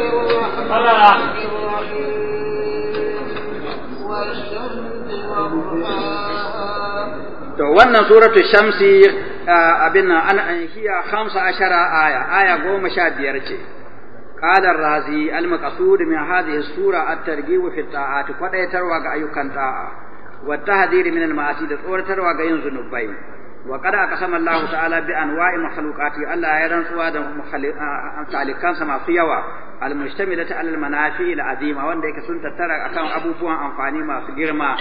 الرحمن to wannan suratul shamsi abin an hiya khamsa ashara aya aya goma sha biyar ce qala razi al maqsud min hadhihi sura at targhib fi ta'at kwadaitarwa ga ayyukan ta'a wa tahdhir min al ma'asi da tsoratarwa ga yin zunubai wa qad aqsama Allah ta'ala bi anwa'i makhluqati Allah ya rantsuwa da makhluqan sa masu yawa almustamilata alal manafi al azima wanda yake sun tattara akan abubuwan amfani masu girma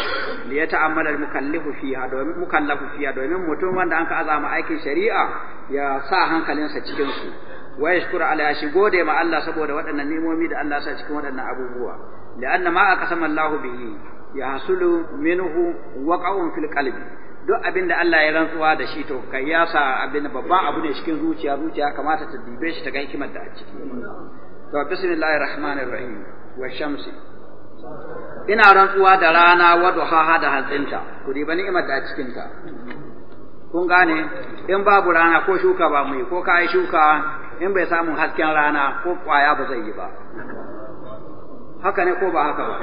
li ya ta'ammala mukallifu fiha domin mukallafu domin mutum wanda an ka azama aikin shari'a ya sa hankalinsa cikin su wa yashkura ala gode ma Allah saboda waɗannan nimomi da Allah sa cikin waɗannan abubuwa li'anna ma aqsama Allahu bihi yahsulu minhu waqa'un fil qalbi duk abin da Allah ya rantsuwa da shi to kai yasa sa babban abu ne cikin zuciya zuciya kamata ta dibe shi ta ga hikimar da a ciki to rahim wa shamsi ina rantsuwa da rana wa duhaha da hantsinta ku ba ni'imar da cikin ta kun gane in babu rana ko shuka ba mu yi ko ka shuka in bai samun hasken rana ko kwaya ba zai yi ba haka ne ko ba haka ba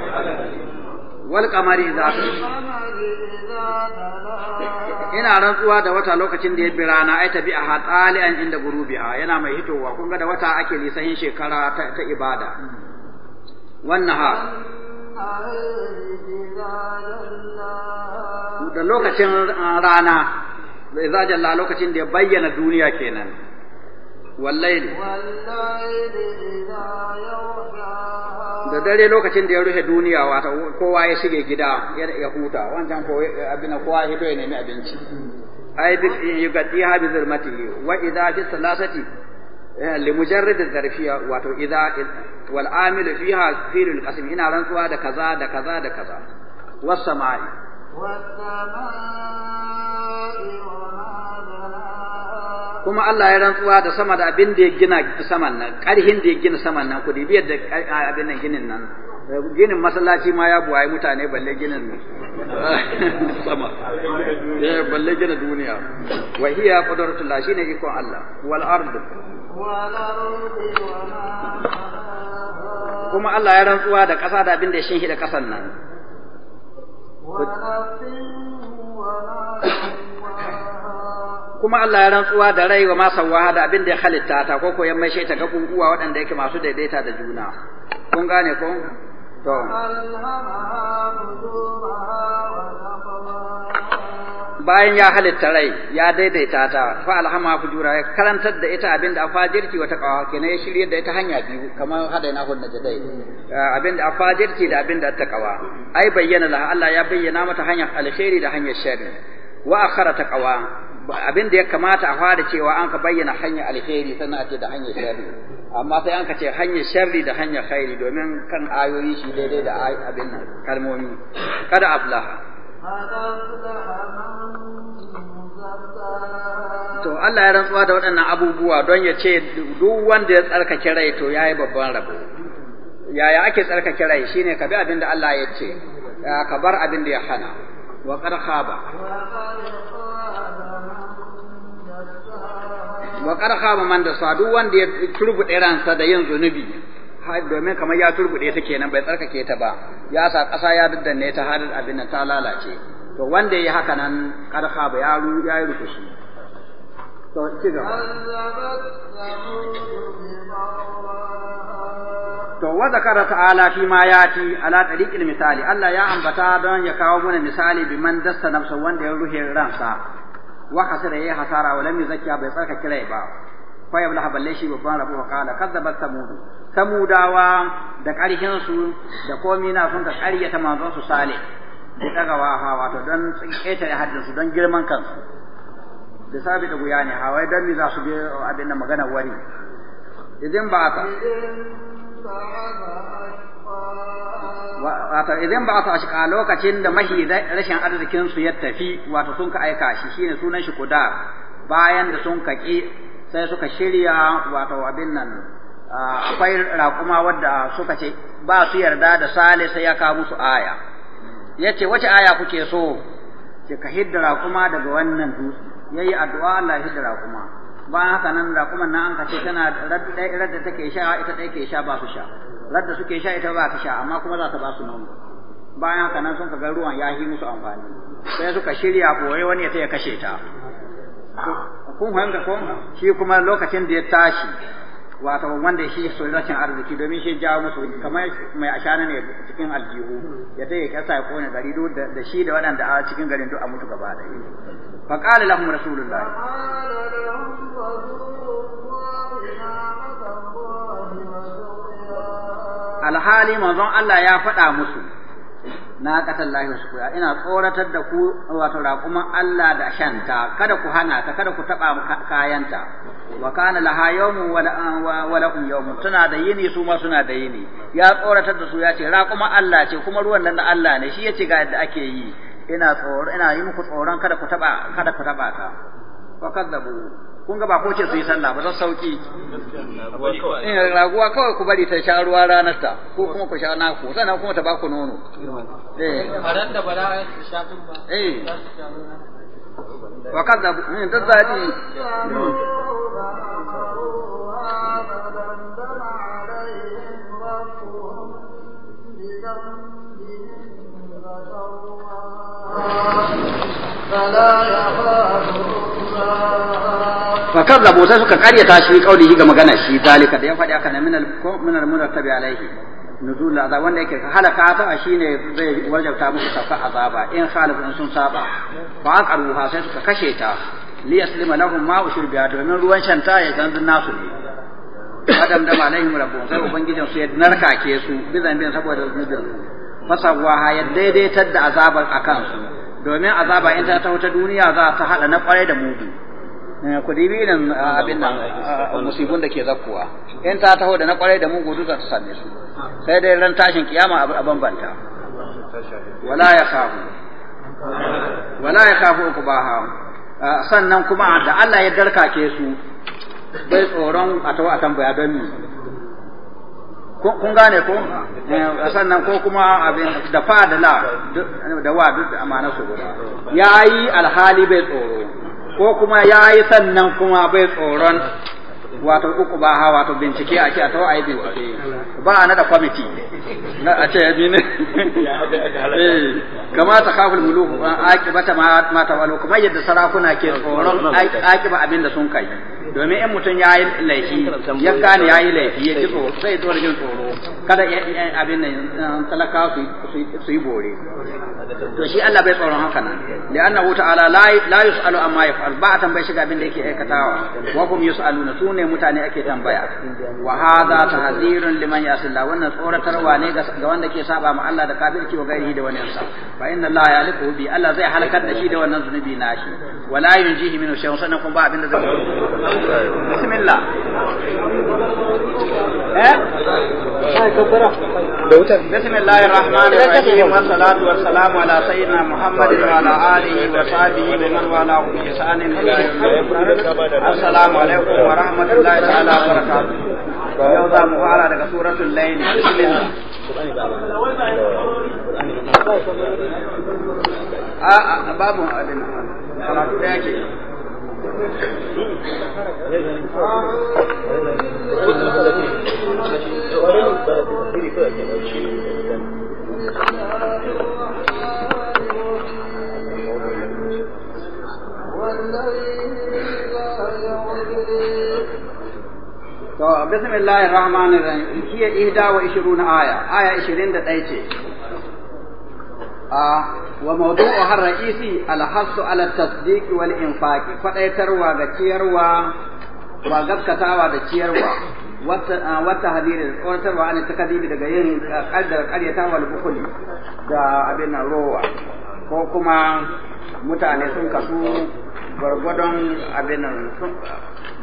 wal qamari ina rantsuwa da wata lokacin da ya bi rana ai tabi a an inda gurubiha yana mai hitowa kun ga da wata ake lisahin shekara ta ibada wannan ha da lokacin ah, rana da iza jalla lokacin da ya bayyana duniya kenan والليل da dare lokacin da ya rufe duniya wata kowa ya shige gida ya huta wancan ko abin kowa ya fito ya nemi abinci ai bi yugadi ha bi zulmati wa idha fi salasati eh, li mujarrad zarfiya wato idha wal amil fiha firul qasim ina rantsuwa da kaza da kaza da kaza was sama'i kuma Allah ya rantsuwa da sama da abin da ya gina saman nan ƙarhin da ya gina saman nan ku biyar da abin nan ginin nan ginin masallaci ma ya buwaye mutane balle ginin sama eh, balle gina duniya wa hiya qudratullah ne ikon Allah wal ard kuma Allah ya rantsuwa da ƙasa da abin da ya shinhi da ƙasan nan kuma Allah ya rantsuwa da rai wa ma da abin da ya halitta ta ko ko yan maishe ta ga kuwa waɗanda yake masu daidaita da juna kun gane ko to bayan ya halitta rai ya daidaita ta fa alhama fujura ya karantar da ita abinda afajirci wata kawa kenan ya shirye da ita hanya biyu kamar hada ina hunna dai eh, abinda afajirci da abinda ta kawa ai bayyana la Allah ya bayyana mata hanyar alheri da hanyar sharri wa akhara ta kawa abinda ya kamata a fara cewa an ka bayyana hanyar alheri sannan a ce da hanyar sharri amma sai an ka ce hanyar sharri da hanyar khairi domin kan ayoyi shi daidai da abin nan kalmomi kada aflaha To Allah ya rantsuwa da waɗannan abubuwa don ya ce duk wanda ya tsarkake rai to ya yi babban rabo. Yaya ake tsarkake rai ne ka bi abin da Allah ya ce, ka bar abin da ya hana, wa ƙarha ba. Wa ƙarha ba man da duk wanda ya turbuɗe ransa da yin zunubi domin kamar ya turbude ta kenan bai tsarkake ta ba ya sa ƙasa ya daddanne ta har abin ta lalace to wanda yi haka nan karha ba ya ru ya yi rukushi to ci gaba to wa zakara ta'ala fi ma yati ala tariqil misali Allah ya ambata don ya kawo mana misali bi man dasta nafsa wanda ya ruhe ransa wa hasara yayi hasara wa lam yuzakkiya bai tsarkake rai ba fa yabla haballe shi babban rabu wa kala kazzabat samudu samudawa da ƙarshen su da komi na sun ka ta manzon su sale da wa ha wato don ƙetare haddin su don girman kansu da sabi da guya ne ha wai don ni za su bi abin nan magana wari idan ba ka wato idan ba su ashka lokacin da mahi rashin arzikin su ya tafi wato sun ka aika shi shine sunan shi kudar bayan da sun kaki sai suka shirya wato abin nan akwai raƙuma wadda suka ce ba su yarda da sale sai ya kawo musu aya ya ce wace aya kuke so ce ka hidda raƙuma daga wannan dutse ya yi addu'a Allah hidda raƙuma bayan haka nan raƙuman nan an ka ce tana radda take sha ita ɗaya ke sha ba su sha radda suke sha ita ba ta sha amma kuma za ta ba su nono bayan haka nan sun ka ga ruwan ya yi musu amfani sai suka shirya koyi wani ya ta ya kashe ta kun fahimta ko shi kuma lokacin da ya tashi wato wanda shi so rashin arziki domin shi jawo musu kamar mai ashana ne cikin aljihu ya dai kasa ya kone gari duk da shi da waɗanda a cikin garin duk a mutu gaba da shi fa qala lahum rasulullah alhali manzon Allah ya faɗa musu na katal lahi wasu kuya ina tsoratar da ku wato raƙuman Allah da shanta kada ku hana ta kada ku taɓa kayanta wa kana laha yawmun wa lahum yawmun tana da yini su ma suna da yini ya tsoratar da su ya ce raƙuman Allah ce kuma ruwan nan na Allah ne shi ya ce ga yadda ake yi ina tsoro ina yi muku tsoron kada ku taɓa kada ku taɓa ta wa kadzabu kun ga ba ko ce su yi sallah ba don sauki in eh, raguwa kawai ku bari ta sha ruwa ranar ta ko kuma ku sha naku sannan kuma ta ba ku nono eh haran da bala sha din ba eh wa kadzabu in tazadi فلا يخاف fa kazzabu sai suka karyata shi kaulihi ga magana shi zalika da ya faɗi aka na min al murtabi alaihi nuzul azab wanda yake halaka ta shine zai wajabta muku sauka azaba in khalafu in sun saba fa ha sai suka kashe ta li yaslima lahum ma ushir biya domin ruwan shanta ya zan nasu ne adam da malaihim rabbu sai ubangijin su ya narka ke su bizan bin saboda zunubin Fasawa ya daidaitar da azabar akan su domin azaba in ta ta duniya za ta hada na kwarai da mudu Eh, ku dibi ah, nan abin nan ah, musibun da ke zakkuwa in ta taho da na kwarai da mugu duka ta same su sai dai ran tashin kiyama a bambanta wala ya khafu wala ya khafu ku ba ha ah, sannan kuma da Allah ya darkake su bai tsoron a tawo a tambaya don ni kun gane ko eh, sannan ko kuma abin da fa da la da wa duk amana su guda yayi alhali bai tsoro ko kuma ya yi sannan kuma bai tsoron wato uku ba wato bincike a ke a tawa a bincike ba a nada kwamiti na a ce yabi ne eh, kama ta kafin muluku an aki bata ma ta walo kuma yadda sarakuna ke tsoron aki ba abin da sun kai domin in mutum ya yi laifi ya gane ya yi laifi ya ji tsoro sai zo jin tsoro kada abin nan talaka su yi bore to shi Allah bai tsoron haka nan li'annahu ta'ala la yus'alu amma ya fa'al ba a tambayi shiga abin da yake aikatawa wa hum yus'aluna na sune mutane ake tambaya wa hadha tahzirun liman yasilla wannan tsoratarwa ne ga wanda ke saba ma Allah da kafirci wa gairi da wani sa fa inna Allah yaliku bi Allah zai halakar da shi da wannan zunubi nashi wala yunjihi min shay'un sanan kuma ba abin da zai بسم الله بسم الله الرحمن الرحيم والصلاة والسلام على سيدنا محمد وعلى آله وصحبه ومن والاه بإحسان السلام عليكم ورحمة الله تعالى وبركاته يوم مبارك daga suratul layl بسم الله babu abin karatu da yake بسم الله الرحمن الرحيم هي إهدا وعشرون آية آية عشرين دقيقة وموضوع الرئيسي الحث على التصديق والإنفاق و فأيتروا وغتيروا وغبكتاوا وغتيروا والتهذير وتروا وعن التكذيب دقيين قدر قرية والبخل دا أبن الروع وكما متعني سنكسو برغدن gwargwadon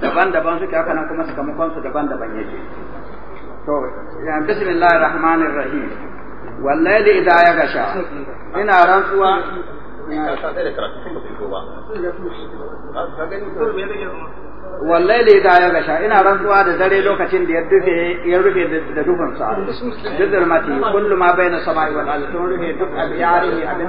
دبان دبان daban-daban كما haka nan kuma sakamakon su daban-daban yake to wallahi idza ya gasha ina rantsuwa ina rantsuwa da dare lokacin da ya rufe ya rufe da dukan sa da darmati kullu baina samai wal ardi sun rufe duk abiyari abin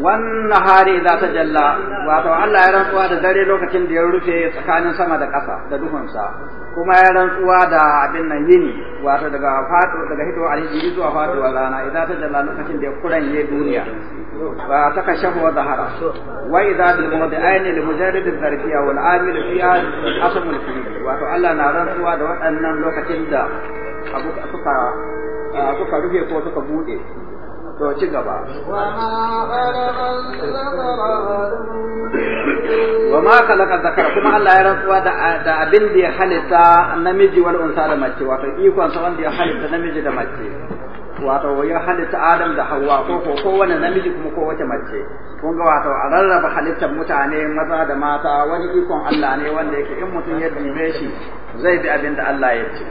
wannan hari za ta jalla wato Allah ya rantsuwa da dare lokacin da ya rufe tsakanin sama da ƙasa da duhunsa kuma ya rantsuwa da abin nan yini wato daga fatu daga hito alhijiri zuwa faduwar rana idan ta jalla lokacin da ya kuranye duniya فتكشف وظهر واذا بالموضعين لمجرد الظرفية والعامل فيها أصل الفيل وأتو الله نعلم سوى دوات أن لوكا تندى أبوك أتوكا أتوكا رفيا فوتوكا بودي to ci gaba wa ma khalaqa dhakara kuma Allah ya rantsuwa da da abin da ya halitta namiji wal unsa da mace wato ikon sa wanda ya halitta namiji da mace wato ya halitta Adam da hawa ko ko kowane namiji kuma ko wace mace kun ga wato a rarraba halittar mutane maza da mata wani ikon Allah ne wanda yake in mutum ya dime shi zai bi abin da Allah ya ce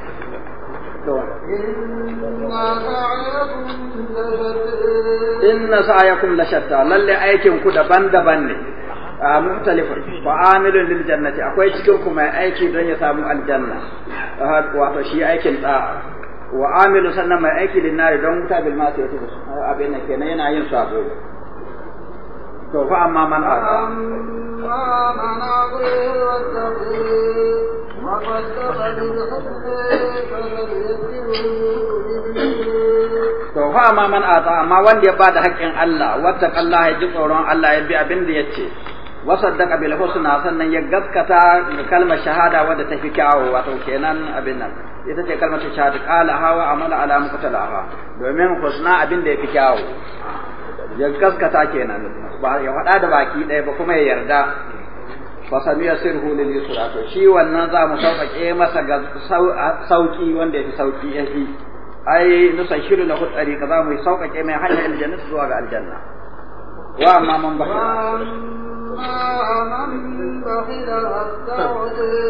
inna sa'yakum la shatta lalle aikin ku daban-daban ne a mutalifun ba amilun lil jannati akwai cikin ku mai aiki don ya samu aljanna wato shi aikin da wa amilu sannan mai aiki linnari don wuta bil masu yatu abin da nan yana yin sabo to fa amma man to fa amma man amma wanda ya ba da haƙƙin Allah wata Allah ya ji tsoron Allah ya bi abin da ya ce wasaddaka bil husna sannan ya gaskata kalmar shahada wadda ta fi kyawu wato kenan abin nan ita ce kalmar shahada qala hawa amala ala muqtalaha domin husna abin da ya fi kyawu ya gaskata kenan ba ya fada da baki daya ba kuma ya yarda fa sami sirhu lil yusra to shi wannan za mu sauƙaƙe masa ga sauƙi wanda ya fi sauƙi ya fi ai nusashiru lahu tariqa za mu sauƙaƙe mai hanyar aljanna zuwa ga aljanna wa amma man ba. ما من بخل واستغنى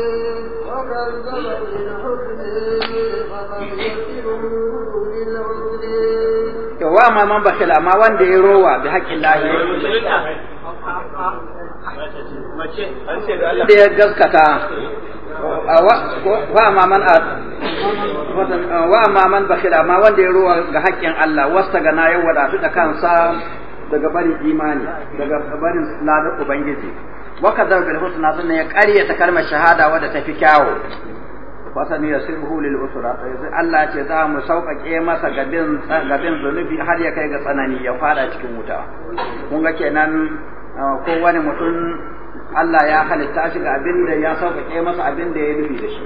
ma man bakil amma wanda ya rowa bi haƙƙin lahi da ya gaskata wa ma man a wa ma man bakil amma wanda ya rowa ga haƙƙin Allah wasta ga ya wadatu da kansa daga barin imani daga barin ladar ubangiji wa da bil husna sunna ya ta kalmar shahada wadda ta fi kyawo fasani ya sirhu lil usra Allah ce za mu sauƙaƙe masa gabin zunubi har ya kai ga tsanani ya fara cikin wuta kun ga kenan uh, kowane mutum Allah ya halitta shi ga abin ya sauƙaƙe masa abin da ya nufi da shi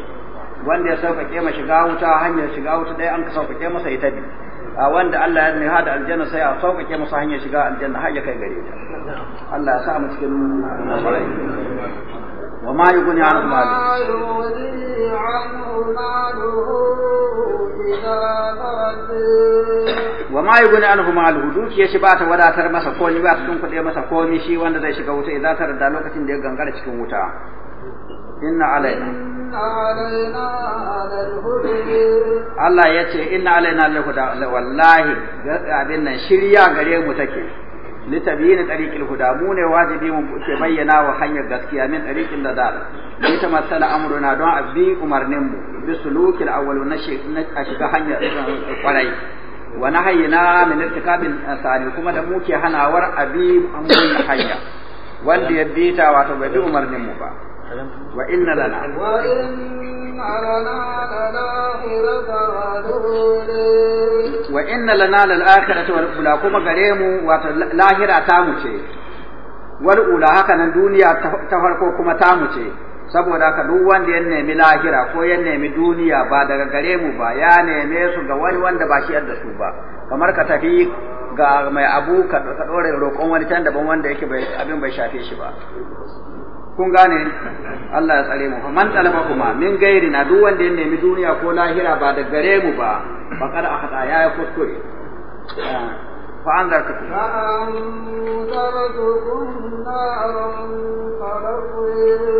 wanda ya sauƙaƙe ma shiga wuta hanyar shiga wuta dai an sauƙaƙe masa ita biyu a wanda Allah ya niha hada aljanna sai a sauƙaƙe musu hanyar shiga aljanna har ya kai gare ta Allah ya sa mu cikin nasarai wa ma yughni an mali wa ma yughni an mali dukiyar shi ba ta wadatar masa komai ba ta kudi masa komai shi wanda zai shiga wuta idan ta da lokacin da ya gangara cikin wuta inna alaina Allah ya ce inna alaina lahuda wallahi abin nan shirya gare mu take litabyin tariqil huda mu ne wajibi mu ke bayyana wa hanyar gaskiya min tariqil ladal ita masala amruna don abi umarnin mu bi sulukil awwal na shiga hanyar kwarai wa nahayna min irtikabil asani kuma da mu ke hanawar abi umarnin hanya wanda ya bita wato bai bi umarnin mu ba وإن لنا وإن لنا للآخرة والأولى كما قريم lana lal والأولى wal الدنيا kuma كما wato lahira ta mu ce wal ula duniya ta farko kuma ta mu ce saboda haka duk wanda ya nemi lahira ko ya nemi duniya ba daga gare mu ya neme su ga ba kamar ka tafi ga mai abu ka ɗora roƙon wani can daban wanda yake abin bai shafe shi ba kun gane Allah ya tsare mu fa man talaba kuma min gairi na duk wanda ya nemi duniya ko lahira ba da gare mu ba ba kada a hada ya kuskure fa an da ku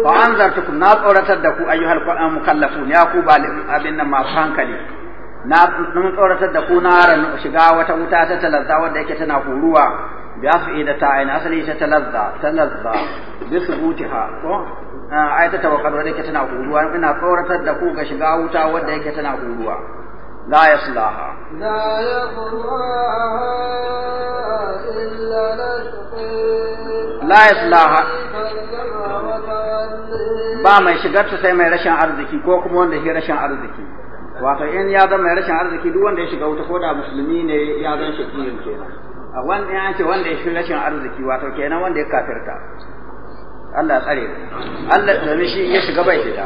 fa an da ku na tsoratar da ku ayyuhal qur'an mukallafun ya ku ba abin nan masu hankali na mun tsoratar da ku na shiga wata wuta ta talarta wanda yake tana huruwa بأفئدة عين أصلي تتلذى تلذى بثبوتها ai ta tawakkal wadda yake tana huruwa ina tsoratar da ku ga shiga wuta wadda yake tana huruwa la la ba mai ta sai mai rashin arziki ko kuma wanda shi rashin arziki wato in ya zama mai rashin arziki duk wanda ya shiga wuta ko da musulmi ne ya zan shi kenan wanda ya ce wanda ya shi rashin arziki wato kenan wanda ya kafirta Allah tsare Allah da shi ya shiga bai fita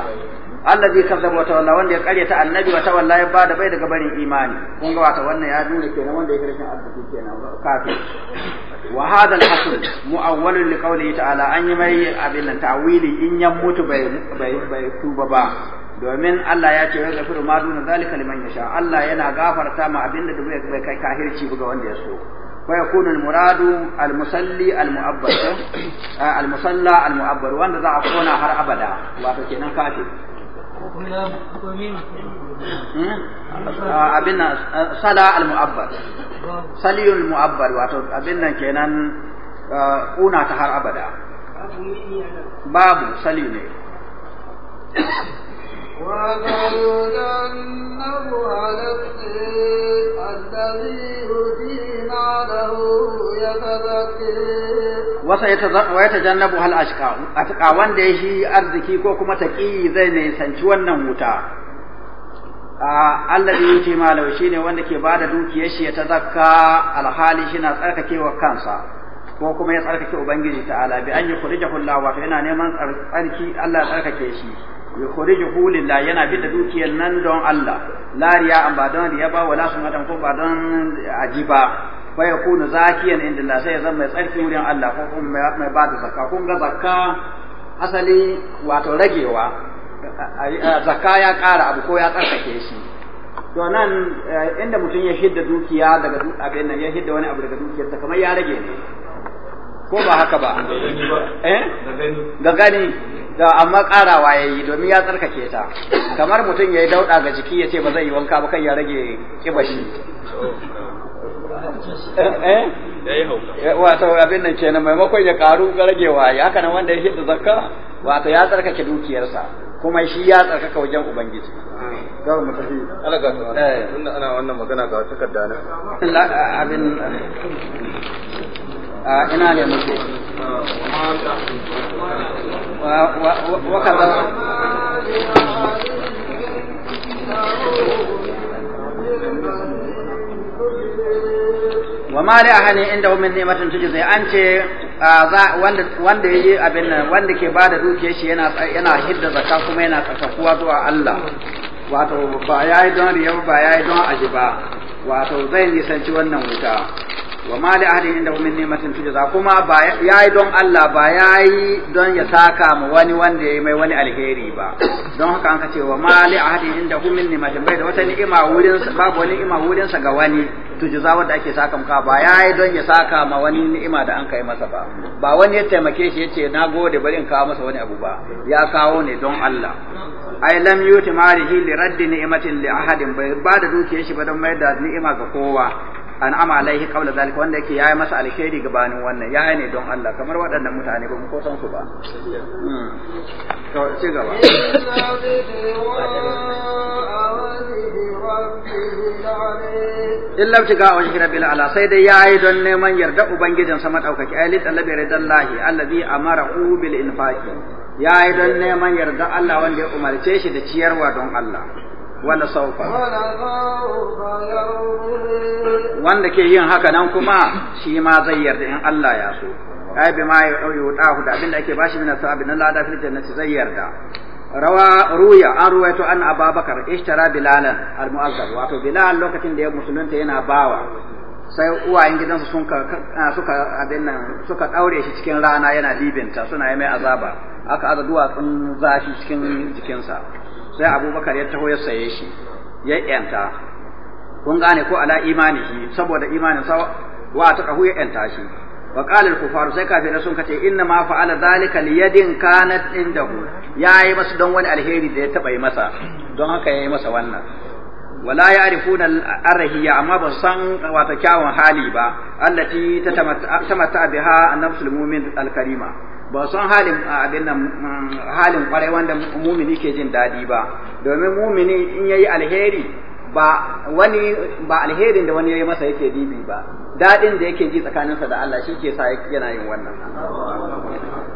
Allah zai kaza wata walla wanda ya kare ta annabi wata walla ya bada bai daga barin imani kun ga wato wannan ya nuna kenan wanda ya rashin arziki kenan kafir wa hada al hasan mu'awwalun li qawlihi ta'ala an yi mai abin ta'wili in ya mutu bai bai bai tuba ba domin Allah ya ce wanda furu ma duna zalika liman yasha Allah yana gafarta ma abinda da bai kai kahirci buga wanda ya so ويكون المراد آه، المصلي المؤبر المصلى المؤبر وان ضعفونا هر ابدا واتكينا كاتب آه، أبنا صلاة المؤبر صلي المؤبر واتو أبنا آه، كينان أونا تهر أبدا باب صلي نير وَمَا عَلَى الْسِّيْءِ الَّذِي wasa ya tajannabu hal ashqa wanda ya shi arziki ko kuma taqi zai ne sanci wannan wuta Allah ya ce malau shine wanda ke bada dukiyar shi ya tazakka alhali shina tsarkakewa kansa ko kuma ya tsarkake ubangiji ta'ala bi an yukhrijahu Allah wa yana neman tsarki Allah ya tsarkake shi yukhrijuhu lillah yana bida dukiyar nan don Allah la riya an ba don riya ba wala sumadan ko ba don ajiba fa yakunu zakiyan inda Allah sai ya zama mai tsarki wurin Allah ko kuma mai ba da zakka kun ga zakka asali wato ragewa zakka ya ƙara abu ko ya tsarkake shi to nan eh, inda mutum ya shidda dukiya daga abin nan ya shidda wani abu daga dukiyar ta kamar ya rage ne ko ba haka ba eh da gani da amma karawa ya yi domin ya tsarkake ta kamar mutum ya yi dauɗa ga jiki ya ce ba zai yi wanka ba kai ya rage kibashi Eh, eh? Eh, wato abin nan kenan maimakon ya karu garagewa ya haka nan wanda ya hidda zakka wato ya tsarkake dukiyarsa kuma shi ya tsarkaka wajen ubangiji wa ma li ahli inda min ni'matin tujzi an ce wanda wanda yayi abin nan wanda ke bada dukiyar shi yana yana hidda zakka kuma yana tsakakuwa zuwa Allah wato ba yayi don riya ba yayi don ajiba wato zai nisanci wannan wuta wa ma li ahadin inda min ni'matin tujza kuma ba yayi don Allah ba yayi don ya saka mu wani wanda yayi mai wani alheri ba don haka an ce wa ma li ahadin inda min ni'matin bai da wata ni'ima wurin sa babu wani ni'ima wurin sa ga wani tujza wanda ake saka muka ba yayi don ya saka ma wani ni'ima da an kai masa ba ba wani ya taimake shi yace na gode bari in kawo masa wani abu ba ya kawo ne don Allah ai lam yuti malihi li raddi ni'matin li ahadin bai ba da dukiyar shi ba don mai da ni'ima ga kowa an'ama alaihi qabla zalika wanda yake yayi masa alheri gabanin wannan yayi ne don Allah kamar waɗannan mutane ba mu ko san su ba hmm. to ce gaba illa tiga wa jira bil ala sai dai yayi don neman yarda ubangijin sa madaukaki ayi talabi ridallahi allazi amarahu bil infaqi yayi don neman yarda Allah wanda ya umarce shi da ciyarwa don Allah wanda saufa wanda ke yin haka nan kuma shi ma zai yarda in Allah ya so ai bi ma hu da abinda ake bashi min sabbi nan lada fil jannati zai yarda rawa ruya an ruwaito an ababakar ishtara bilalan al mu'azzab wato bilal lokacin da ya musulunta yana bawa sai uwayen gidansa sun suka abin nan suka daure shi cikin rana yana dibinta suna yi mai azaba aka aza duwatsun zafi cikin jikinsa sai abubakar ya taho ya saye shi ya yanta kun gane ko ala imanihi saboda imanin sa wa ta kahu ya yanta shi wa qala al-kufaru sai kafirai sun kace inna ma fa'ala zalika li yadin kanat indahu yayi masa don wani alheri da ya taba yi masa don haka yayi masa wannan wala ya'rifuna al-arhiya amma ba san wata kyawun hali ba allati tatamatta biha an-nafsul mu'min al-karima ba san halin abin nan halin kwarai wanda mumini ke jin daɗi ba domin mumini in yayi alheri ba wani ba alherin da wani yayi masa yake dibi ba daɗin da yake ji tsakaninsa da Allah shi ke sa yana yin wannan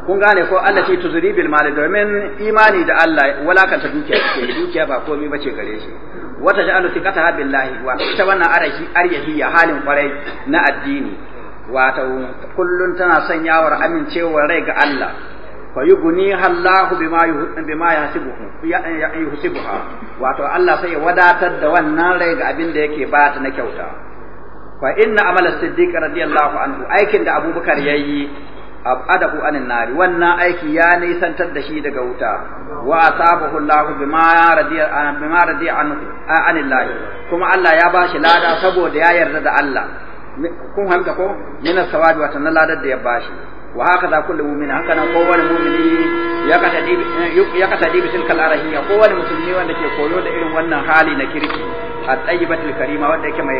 kun gane ko Allah ce tuzuri bil mal domin imani da Allah ta dukiya ce dukiya ba komai bace gare shi wata ja'alu thiqataha billahi wa ita wannan arahi aryahi halin kwarai na addini wata kullun tana sanyawar amincewar rai ga Allah fa yuguni Allahu bima bima yahsibuhu yahsibuha wato Allah sai ya wadatar da wannan rai ga abin da yake ba ta na kyauta fa inna amal as-siddiq radiyallahu anhu aikin da Abubakar yayi abadahu anin nari wannan aiki ya nisantar da shi daga wuta wa asabahu Allah bima radiya bima radiya anhu anillahi kuma Allah ya bashi lada saboda ya yarda da Allah kun halka ko min sawabi wa sanan ladar da ya bashi wa haka da kullu mu'min haka nan kowane mu'mini ya kata dibi ya kata dibi tilkal arahiya kowane musulmi wanda ke koyo da irin wannan hali na kirki at-tayyibatul karima wanda yake mai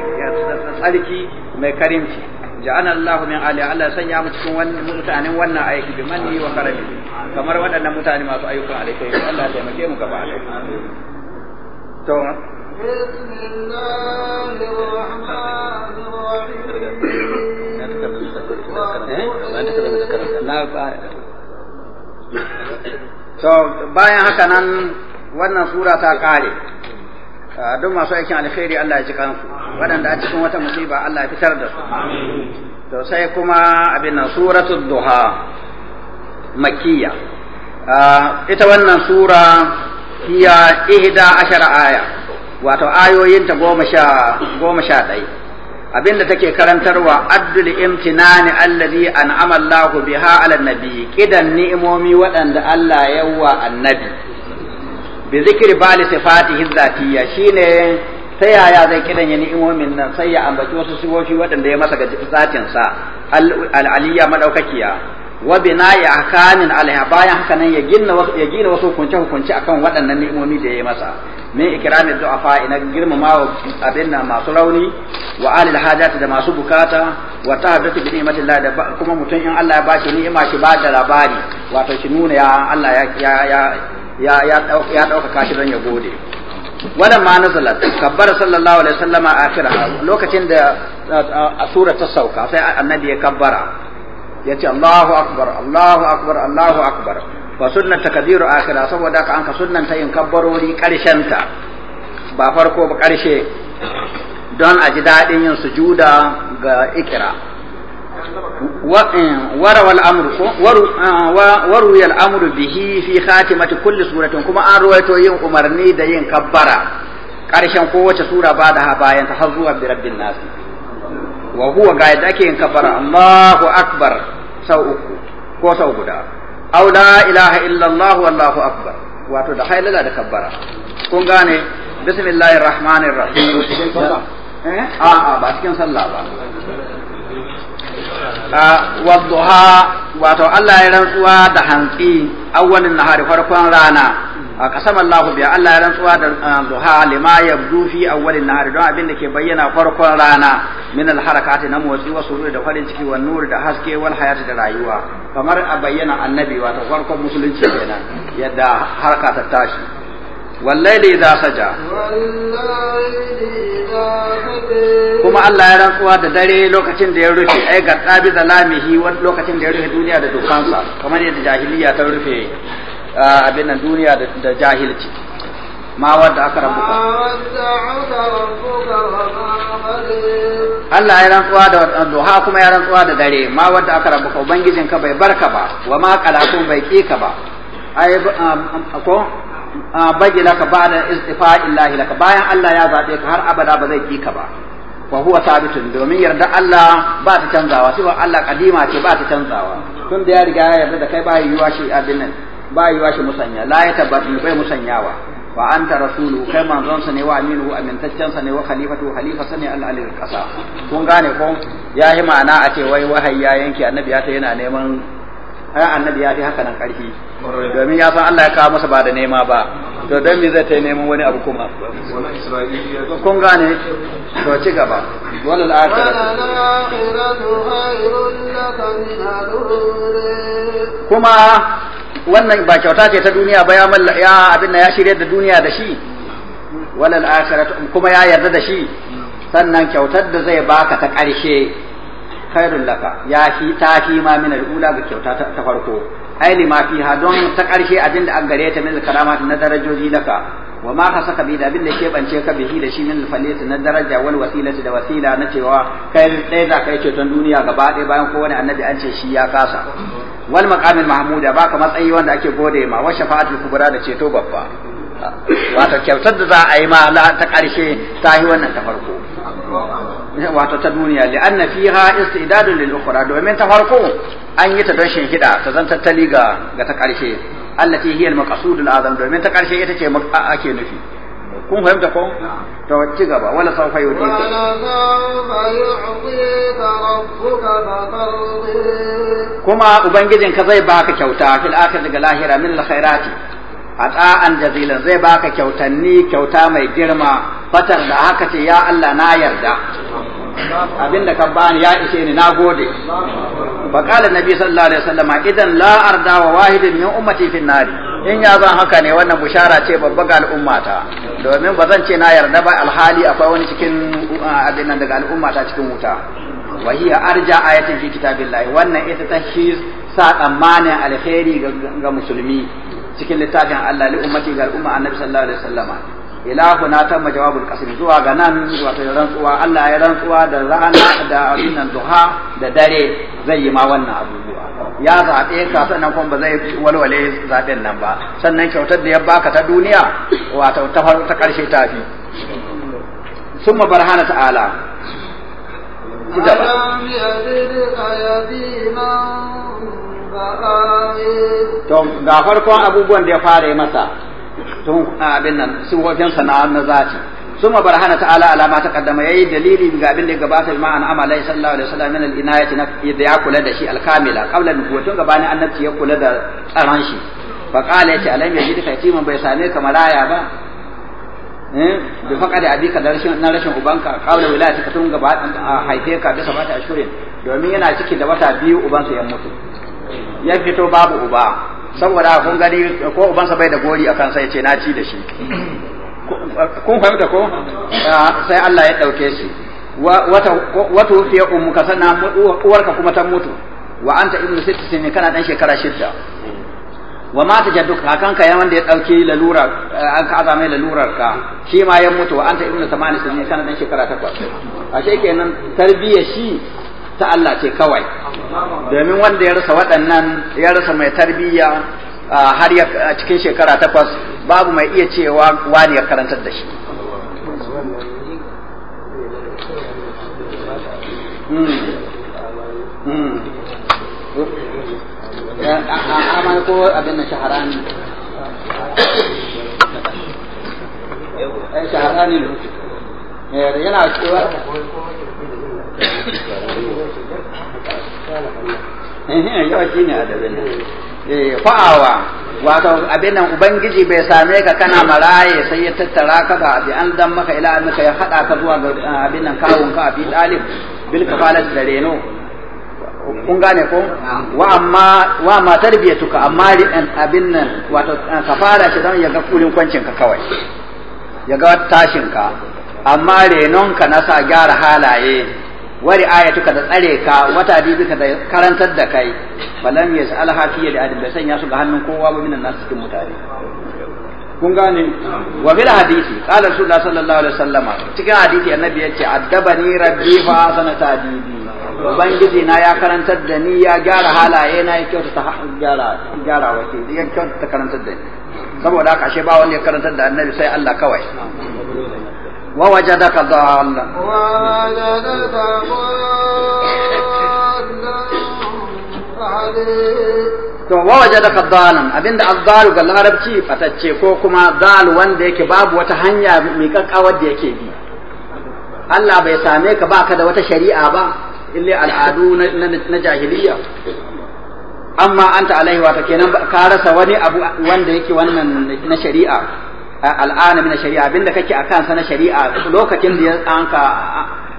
tsarki mai karimci ja'ana Allahu min ali Allah sanya mu cikin wannan mutanen wannan aiki bi manni wa karami kamar waɗannan mutane masu ayyukan alkai Allah ya taimake mu gaba to to bayan haka nan wannan sura ta kare ah, duk masu aikin alkhairi Allah ya ji kansu waɗanda a cikin wata musiba Allah ya fitar da su to sai kuma abin nan suratul duha makkiya ah, ita wannan sura hiya ihda ashara aya wato ayoyinta goma sha goma abinda take karantarwa addul imtinani allazi an'ama Allahu biha ala nabi kidan ni'imomi waɗanda Allah yawa annabi bi zikri bali sifatihi zatiyya shine ta yaya zai kidan ya ni'imomin nan sai ya ambaci wasu sifofi waɗanda ya masa ga zatin sa al-aliyya madaukakiya wa bina'i akanin alaiha bayan haka nan ya gina wasu ya gina wasu hukunce hukunce akan waɗannan ni'imomi da ya masa min ikirami du'afa ina girmama wa abin na masu rauni wa alil hajati da masu bukata wa tahaddatu bi ni'matillah da kuma mutum in Allah ya bashi ni'ima shi bada labari wato shi nuna ya Allah ya ya ya ya ya dauka shi don ya gode wannan ma nazalat kabbara sallallahu alaihi wasallama akhiraha lokacin da sura ta sauka sai annabi ya kabbara yace Allahu akbar Allahu akbar Allahu akbar fa sunnan takbiru akira saboda ka an ka sunnan ta yin kabbarori karshen ta ba farko ba karshe don a ji daɗin yin sujuda ga ikira warawal eh, amru eh, yal amru bihi fi khatimati kulli suratin kuma an ruwaito yin umarni da yin kabbara karshen kowace sura ba da bayan ta har zuwa Birabbin Nasi. wa huwa ga yadda ake yin kabbara Allahu akbar sau uku ko sau guda aw la ilaha illa Allah wallahu akbar wato da hailala da kabbara kun gane bismillahir rahmanir rahim eh a a ba cikin sallah ba ah, wadduha wato Allah ya rantsuwa da hantsi awwalin nahari farkon rana قسم Allah bi Allah ya rantsuwa da duha lima yabdu fi awwalin nahar don abin da ke bayyana farkon rana min al na motsi wa surur da farin ciki wa nur da haske wal da rayuwa kamar a bayyana annabi kuma Allah ya rantsuwa da dare lokacin da ya rufe ai ga tsabi zalamihi lokacin da ya rufe duniya da dukansa kamar yadda jahiliya ta rufe abin nan duniya da jahilci ma wadda aka rabbuka Allah ya rantsuwa da duha kuma ya rantsuwa da dare ma wadda aka ka. ubangijin ka bai barka ba wa ma kalakun bai ki ka ba ai ko bagi laka ba da istifa illahi laka bayan Allah ya zabe ka har abada ba zai ki ka ba wa huwa sabitun domin yarda Allah ba ta canzawa sai Allah kadima ce ba ta canzawa tun da ya riga ya yarda da kai ba yiwuwa shi abin nan ba yi shi musanya la ya tabbata bai musanyawa wa anta rasulu kai manzon sa ne wa aminu amintaccen sa ne wa khalifatu khalifa sa ne al alil qasa kun gane ko ya yi ma'ana a ce wai wahayi ya yanke annabi ya ta yana neman ai annabi ya ta haka nan karfi domin ya san Allah ya kawo masa ba da nema ba to dan me zai ta neman wani abu kuma kun gane to ci gaba wal akhiratu kuma wannan ba kyauta ce ta duniya ba ya malla ya abin ya shirye da duniya da shi walal akhiratu kuma ya yarda da shi sannan kyautar da zai baka ta ƙarshe khairul laka ya fi ta fi ma min al'ula ga kyauta ta farko ai lima ha don ta ƙarshe abin da an gare ta min karamat na darajoji laka wa ma hasaka bi da abin da ke ka bihi da shi min falisi na daraja wal wasilati da wasila na cewa kai dai za ka yi ceton duniya gaba ɗaya bayan kowane annabi an ce shi ya kasa wal maqamil mahmuda baka matsayi wanda ake gode ma wa shafa'atul kubra da ceto babba wato kyautar da za a yi ma ta karshe ta yi wannan ta farko wato ta duniya li anna fiha istidadun lil ukhra domin ta farko an yi ta don shinhida ta zan tattali ga ga ta karshe allati hiya al maqsudul azam domin ta karshe ita ce ake nufi kun fahimta ko to ci gaba wala fayo yu'tika wala sawfa yu'tika rabbuka tarbi. kuma ubangijin ka zai baka kyauta fil akhir daga lahira min la khairati ata'an jazilan zai baka kyautanni kyauta mai girma fatar da haka ce ya Allah na yarda abin da ka bani ya ishe ni na gode fa nabi sallallahu alaihi wasallam idan la arda wa wahidin min ummati fi nari in ya zan haka ne wannan bushara ce babba ga al'ummata domin ba zan ce na yarda ba alhali akwai wani cikin uh, abin daga al'ummata cikin wuta wa hiya arja ayatin fi kitabillahi wannan ita ta shi sa tsammanin alheri ga musulmi cikin littafin Allah li ummati ga al'umma annabi sallallahu alaihi wasallama ilahu na tamma jawabul qasim zuwa ga nan wato rantsuwa Allah ya rantsuwa da rana da abinan duha da dare zai yi ma wannan abubuwa ya zaɓe ka sannan kuma ba zai walwale zaɓen nan ba sannan kyautar da ya baka ta duniya wato ta farko ta ƙarshe ta fi summa barhana ta'ala ألم ga farkon abubuwan da ya fara masa tun abin nan sifofin sana na zati suma barhana ta'ala ala ma Ya yi dalili ga abin da ya gabata ma an amala sallallahu alaihi wasallam min al-inayati na yadda ya kula da shi al-kamila qabla nubuwatin gabanin annabi ya kula da tsaron shi fa qala yace alam yaji ka yatiman bai same ka maraya ba eh bi da abika da rashin na rashin ubanka qabla ka tun gabanin haife ka da sabata ashurin domin yana ciki da wata biyu ubansa ya mutu ya fito babu uba saboda kun gani ko ubansa bai da gori akan sai ce na ci da shi kun fahimta ko sai Allah ya dauke shi wata wata fiye ummuka uwar uwarka kuma ta mutu wa anta ibnu sitti sinin kana dan shekara shidda wa ma jaddu jadduka kanka ya wanda ya dauki lalura an ka azame lalurar ka shi ma ya mutu wa anta ibnu samani sinin kana dan shekara takwas ashe kenan tarbiyya shi ta Allah ce kawai domin wanda ya rasa waɗannan ya rasa mai tarbiyya har ya cikin shekara takwas babu mai iya cewa wani ya karantar da shi amma hmm. ko abin eh, ne eh, yana cewa yawa shi ne adabin eh, fa'awa wato abin nan ubangiji bai same ka kana maraye sai ya tattara ka ga bi an dan maka ila annaka ya hada ka zuwa ga ah, abin nan kawun ka bi dalib bil kafalat da reno kun gane ko wa amma wa ma tarbiyatuka amma abin nan wato ah, kafara shi dan ya ga kulin kwancin ka kawai ya ga tashin ka amma renon ka na sa gyara halaye wari ayatuka da tsare ka wata dibika da karantar da kai balam ya sa'al hafiya da adam bai sanya su ga hannun kowa ba minan nasu cikin mutane kun gane wa bil hadisi qala rasulullah sallallahu alaihi wasallam cikin hadisi annabi yace addabani rabbi fa sanata dibi ubangiji na ya karantar da ni ya gyara halaye na ya ta gyara gyara wace ya ta karantar da ni saboda haka ashe ba wanda ya karantar da annabi sai Allah kawai wa ووجدك ضالا to wa wajadaka dhalan abinda azzalu ga larabci fatacce ko kuma zal wanda yake babu wata hanya mai kakkawar da yake bi Allah bai same ka baka da wata shari'a ba illa al'adu na jahiliya amma anta alaihi wa ta kenan ka rasa wani abu wanda yake wannan na shari'a al'ana min shari'a abinda kake akan kansa na shari'a lokacin da tsanka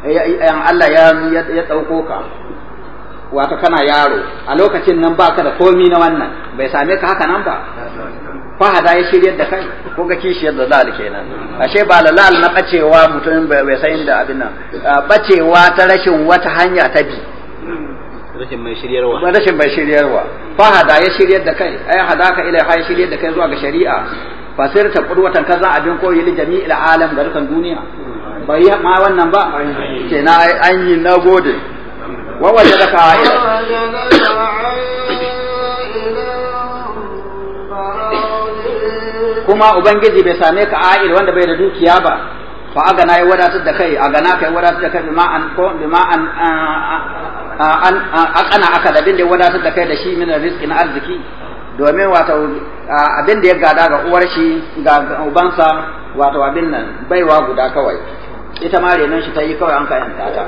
yan Allah ya ya dauko ka wato kana yaro a lokacin nan baka da komi na wannan bai same ka haka nan ba fahada ya shiryar da kai ko ga kishi yadda zal kenan ashe ba lalal na bacewa mutum bai san inda abin nan bacewa ta rashin wata hanya ta bi rashin mai shiryarwa rashin mai shiryarwa fahada ya shiryar da kai ai hadaka ila ya shiryar da kai zuwa ga shari'a Fasir ta qudwatan kaza abin koyi li jami'il alam da dukan duniya bai ma wannan ba na an yi gode wa wajadaka kuma ubangiji bai same ka a'ir wanda bai da dukiya ba fa aga na yi wadatar da kai aga na kai wadatar da kai bima an ko bima an an akana aka da bin da wadatar da kai da shi min rizqin na arziki domin wata abin da ya gada ga uwar shi ga ubansa wato abin nan baiwa guda kawai ita ma renon shi ta yi kawai an ka tata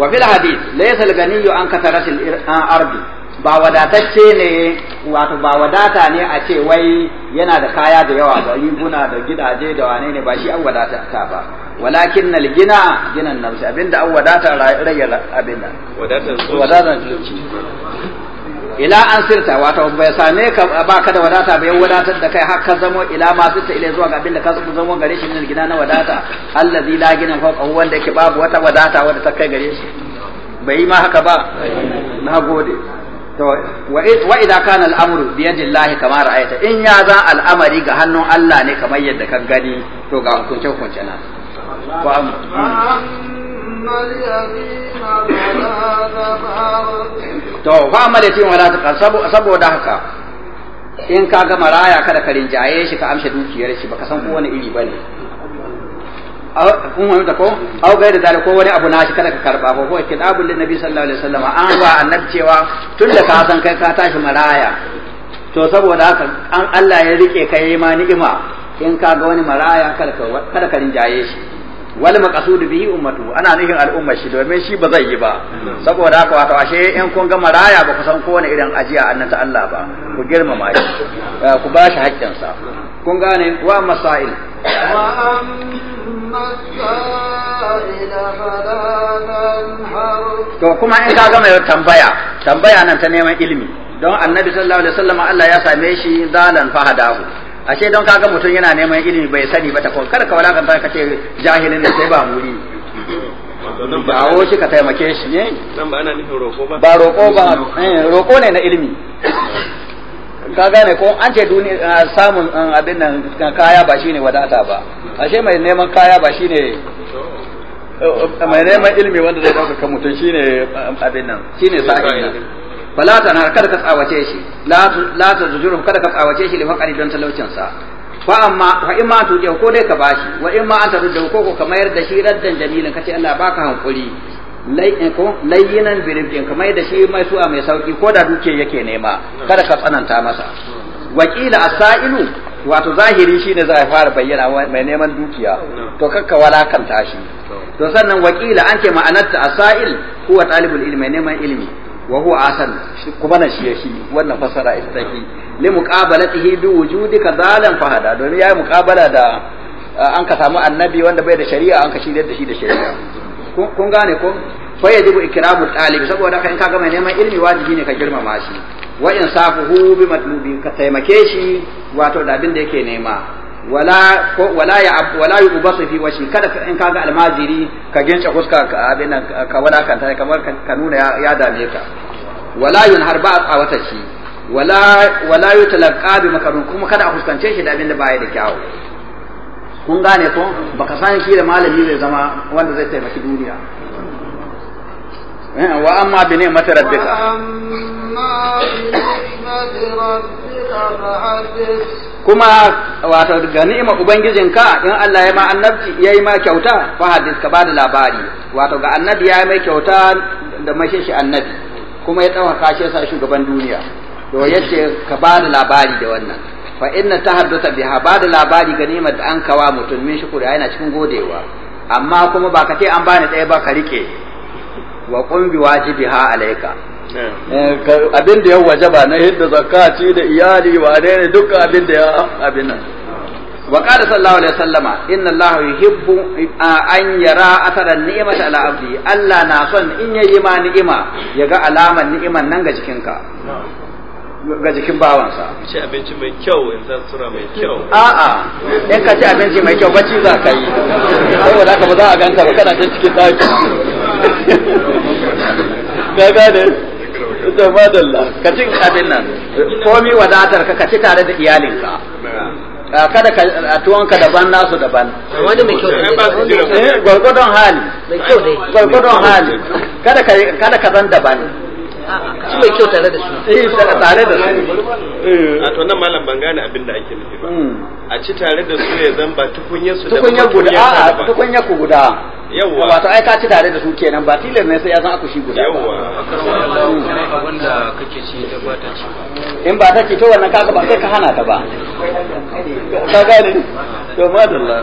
wa fil hadith laysa al-ganiyyu an katara ardi ba wadatacce ne wato ba wadata ne a ce wai yana da kaya da yawa da riguna da gidaje da wane ne ba shi an wadata ta ba walakin nal gina ginan nafsi abinda an wadata rayar abin nan wadatar zuci ila an sirta wato bai same ka ba ka da wadata bai wadatar da kai har ka zamo ila ma sirta ila zuwa ga abin da ka zamo gare shi min gina na wadata allazi la gina fawqa wanda yake babu wata wadata wanda ta kai gare shi bai yi ma haka ba na gode to wa idza kana al-amru bi yadillahi kama ra'aita in ya za al'amari ga hannun Allah ne kamar yadda ka gani to ga hukunce hukunce na to fa amal yatim wala saboda haka in ka ga maraya kada ka rinjaye shi ka amshe dukiyar shi baka san ko wani iri bane kun wani da ko au gaida da ko wani abu nashi kada ka karba ko ko kitabul nabi sallallahu alaihi wasallam an wa annabi cewa da ka san kai ka tashi maraya to saboda haka an Allah ya rike kai ma ni'ima in ka ga wani maraya kada ka kada ka rinjaye shi wal maqsudu bihi ummatu ana nufin al'ummar shi domin shi ba zai yi ba saboda haka wato ashe in kun ga maraya ba ku san kowane irin ajiya annan ta Allah ba ku girmama shi eh, ku ba shi haƙƙin sa kun gane wa masail wa to kuma in ka gama tambaya tambaya nan ta neman ilimi don annabi sallallahu alaihi wasallam Allah ya same shi zalan fahadahu ashe don kaga mutum yana neman ilimi bai sani ba ta ko kada ka walakanta ka ce jahilin da sai ba muri a shi ka taimake shi ne ba ana nufin roƙo ba ba roƙo ba eh, Roko ne na ilimi ka gane ko an ce duniya samun abin nan kaya ba shine wadata ba ashe mai neman kaya ba shine eh, eh, mai neman ilimi wanda zai dauka kan mutum shine abin nan shine nan. fala ta nar kada ka tsawace shi la ta zujuru kada ka tsawace shi ƙari don talaucin sa fa amma fa imma tu ko dai ka bashi wa imma an tarudda ko ko ka mayar da shi raddan jamilin kace Allah baka hankuri lai eh, ko layyinan biribin ka mayar da shi mai su'a mai sauki ko da duke yake nema kada ka tsananta masa wakila asailu wato zahiri shine za a fara bayyana mai neman dukiya to kakka walakanta shi to sannan wakila an ce ma'anarta asail huwa talibul ilmi neman ilimi. wa huwa asan kuma na shi shi wannan fasara ita take li muqabalatihi bi wujudika zalan fahada domin yayi muqabala da an ka samu annabi wanda bai da shari'a an ka shirye da shi da shari'a kun gane ko fa yajibu ikramu talib saboda kai in ka gama neman ilmi wajibi ne ka girmama shi wa insafuhu bi matlubi ka taimake shi wato da abin da yake nema wala ko wala ya wala yubasu fi washi kada in kaga almajiri ka gince fuska ka abin ka wala kan ta kamar ka nuna ya dame ka wala har ba a wata shi wala wala bi makarun kuma kada a fuskance shi da abin da baya da kyawu kun gane ko baka san shi da malami zai zama wanda zai taimaki duniya Eh, wa amma bi ni'mati rabbika kuma wato ga ni'ima ubangijinka in Allah ya ma annabci yayi ma kyauta fa hadis ka bada labari wato ga annabi ya mai kyauta da mashi shi annabi kuma ya dauka kashe sa shugaban duniya to ce ka bada labari da wannan fa inna tahaddatha biha bada labari ga ni'imar da an kawa mutum min shukuri yana cikin godewa amma kuma ba ka ce an bani ɗaya ba ka rike wa kun bi wajibiha alayka eh, abin da ya wajaba na yadda zakati da iyali wa ne duka abin da ya abin nan wa qala sallallahu alaihi wasallama inna allaha yuhibbu an yara atara ni'mati ala abdi allah na son in yayi ma ni'ima ya ga alaman ni'iman nan ga ka ga jikin bawansa. Ci abinci mai kyau in sura mai kyau. A'a, in ka ci abinci mai kyau bacci za ka yi. Saboda ka ba za a ganka ba kana ta cikin daki ka gane da ka abin nan komi wadatar ka ci tare da iyalinka ah, kada ka ah, tuwanka daban nasu daban wani mai kyau eh, gwargwadon hali gwargwadon hali kada ka zan daban su mai kyau tare da su eh tare da su a to nan malam ban gane abin da ake nufi ba hmm. a ci tare da su ya zan ba tukunyar su da tukunyar guda a tukunyar ku guda yawwa wato ai ka ci tare da su kenan ba tilar ne sai ya san aku shi guda yawwa wanda kake ci da ba ta ci in ba ta ci to wannan kaga ba sai ka hana ta ba ka gane to madalla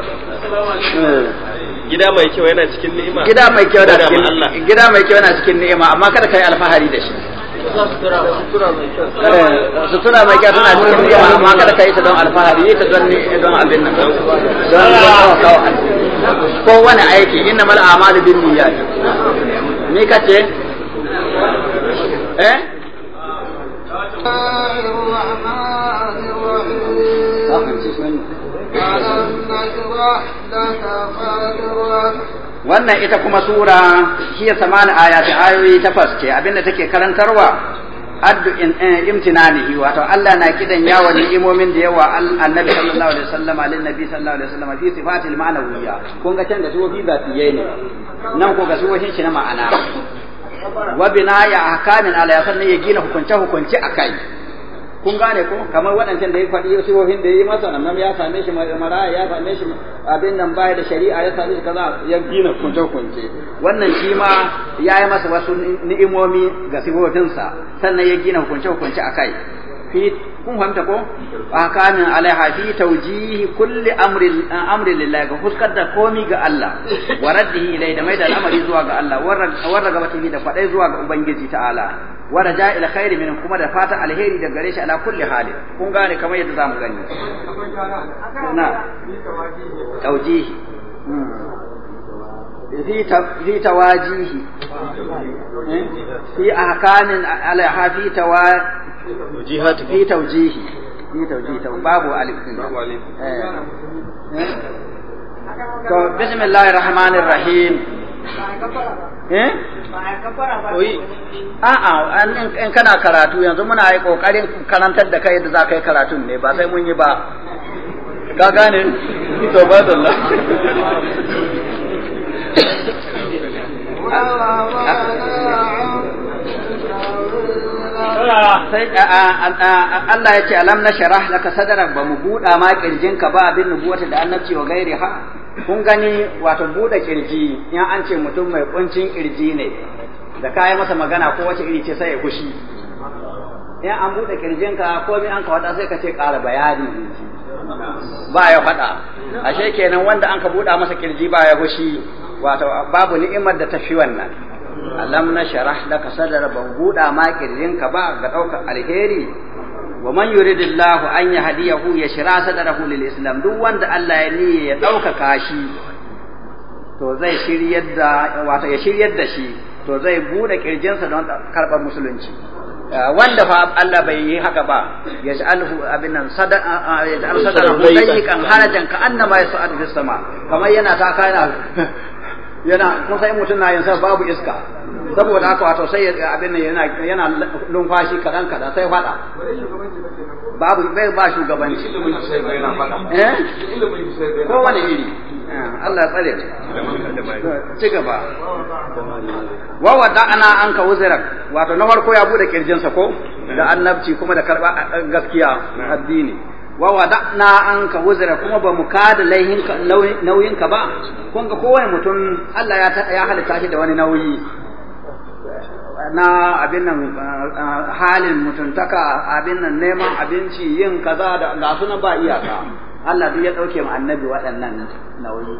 gida mai kyau yana cikin ni'ima gida mai kyau yana cikin gida mai kyau yana cikin ni'ima amma kada kai alfahari da shi sutura mai kyau eh, tana cikin ni'ima amma kada kai ta don alfahari yi ta don don abin nan don ko wani aiki inna mal a'malu bin niyyat ni kace eh الرحمن الرحيم wannan ita kuma sura hiya samani ayati ayoyi takwas ce abinda take karantarwa addu eh, imtinanihi wato Allah na kidan yawan imomin da yawa annabi sallallahu alaihi wasallama alin nabi sallallahu alaihi wasallama fi sifatil ma'nawiyya kun ga can da su fi zatiyai ne nan ko ga su wahin shi na ma'ana wa binaya ahkamin ala yasanna ya gina hukunce hukunci akai kun gane ko kamar waɗancan da ya faɗi sifofin da ya yi masa nan ya same shi maraya ya same shi abin nan baya da shari'a ya same shi kaza ya gina kunce kunce wannan shi ma ya yi masa wasu ni'imomi ga sifofinsa sannan ya gina kunce kunce akai fi kun fahimta ko ahkamin alaiha fi tawjihi kulli amri amri lillahi ga fuskar da komi ga Allah wa raddihi ilai da mai da al'amari zuwa ga Allah wa ragabatihi da kwadai zuwa ga ubangiji ta'ala wa raja ila khairi min kuma da fata alheri da gare shi ala kulli hali kun gane kamar yadda zamu gani na tawjihi في تواجيه في أحكام عليها في توا توجيهات في توجيه في توجيه باب ألف بسم الله الرحمن الرحيم Eh? eh? eh? A'a, in kana karatu yanzu muna yi ƙoƙarin karantar da kai da za ka yi karatun ne ba sai mun yi ba. Ka gane? To ba Allah. Allah ya ce alam na sharah laka sadarak ba mu buɗa ma ka ba abin nubuwata da annabci wa gairi ha kun gani wato buɗe ƙirji in an ce mutum mai ƙuncin ƙirji ne da yi masa magana ko wace iri ce sai ya kushi in an buɗe ƙirjinka ko mi an ka faɗa sai ka ce ƙara bayani ba ya faɗa ashe kenan wanda an ka buɗa masa ƙirji ba ya kushi wato babu ni'imar da ta fi wannan alam na sharah ka sadar ban buɗa ma ka ba ga ɗaukar alheri wa man yuridillahu an yahdiyahu shira sadarahu lil islam duk wanda Allah ya niyya ya ɗaukaka shi to zai shiryar da wato ya shiryar da shi to zai buɗe ƙirjinsa don karɓar musulunci eh, wanda fa Allah bai yi haka ba ya ja'alhu abin nan sadara dai kan harajan ka annama yas'adu fis sama kamar yana ta kana yana kun sai mutum na yin sa babu iska saboda haka wato sai ya abin nan yana yana lumfashi kadan kadan sai fada babu bai ba shugabanci ilimin sai bai na fada eh ilimin sai bai ko wani iri Allah ya tsare ci gaba wa wada ana an ka wuzirak wato na farko ya bude kirjinsa ko da annabci kuma da karba eh, gaskiya addini wa wada'na anka wuzra kuma ba mu kada laihinka nauyinka ba kun ga kowane mutum Allah ya ya halitta shi da wani nauyi na abin nan halin mutuntaka abin nan neman abinci yin kaza da ga sunan ba iyaka Allah duk ya dauke mu annabi waɗannan nauyi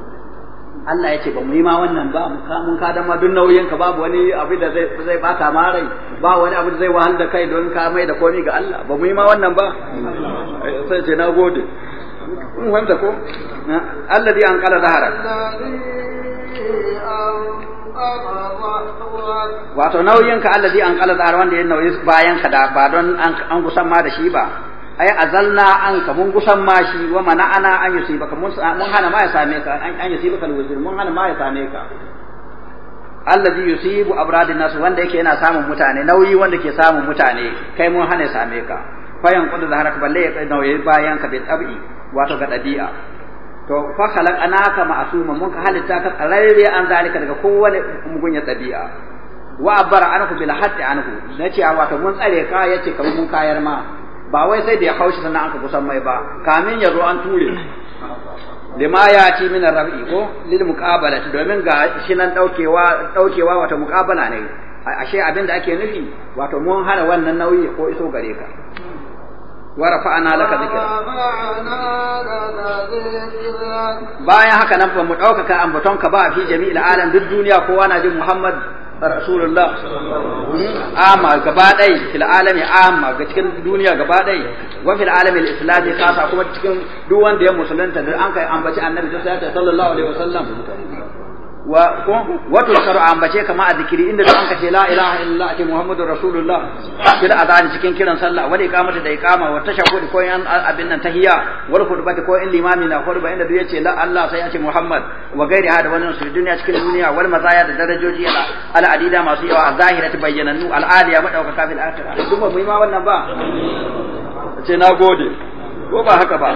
Allah ya ce ba mu yi ma wannan ba mu ka mun ka dama duk nauyin ka babu wani abu da zai zai baka ma rai ba wani abu da zai wahal da kai don ka mai da komai ga Allah ba mu yi ma wannan ba sai ce na gode in wanda ko Allah dai an kala zahara wato nauyin ka Allah dai an kala zahara wanda ya nauyi bayan ka da ba don an kusan ma da shi ba ai azalna an ka mun gusan mashi wa mana ana an yusi baka mun hana ma ya same ka an yusi baka alwazir mun hana ma ya same ka allazi yusibu abradin nas wanda yake yana samun mutane nauyi wanda ke samun mutane kai mun hana ya same ka fayan qad zaharaka balle ya nauyi bayan ka bi tabi wato ga dabi'a to fa khalaqanaka ma'suma mun ka halitta ka tsararre an zalika daga kowane mugunya dabi'a wa abara anku bil hadd anku nace wato mun tsare ka yace kamar mun kayar ma ba wai sai da ya haushi sannan an ka kusan mai ba kamin ya zo an ture lima ya ci min rabi ko lil muqabala domin ga shi nan daukewa daukewa wata muqabala ne ashe abin da ake nufi wato mun hana wannan nauyi ko iso gare ka ورفعنا laka ذكرا bayan haka nan fa mu ɗaukaka ambatonka ba fi jami'il alam duk duniya kowa na jin Muhammad rasulullah amma gaba ɗai fil alami amma ga cikin duniya gaba ɗai wa fil alami islami kasa kuma cikin duk wanda ya musulunta da an kai ambaci annabi sallallahu alaihi wasallam wa wato sharu ambace kama a zikiri inda da an kace la ilaha illallah ake muhammadur rasulullah bil azan cikin kiran sallah wani iqamata da iqama wa tashahhud ko yan abin nan tahiyya wal khutbati ko in limami na khutba inda duk yace la Allah sai yace muhammad wa gairi hada wannan su duniya cikin duniya wal mazaya da darajoji al adida masu yawa a zahirati bayyanannu al aliya madauka kafil akhirah duk ba mu yi ma wannan ba ce na gode ko ba haka ba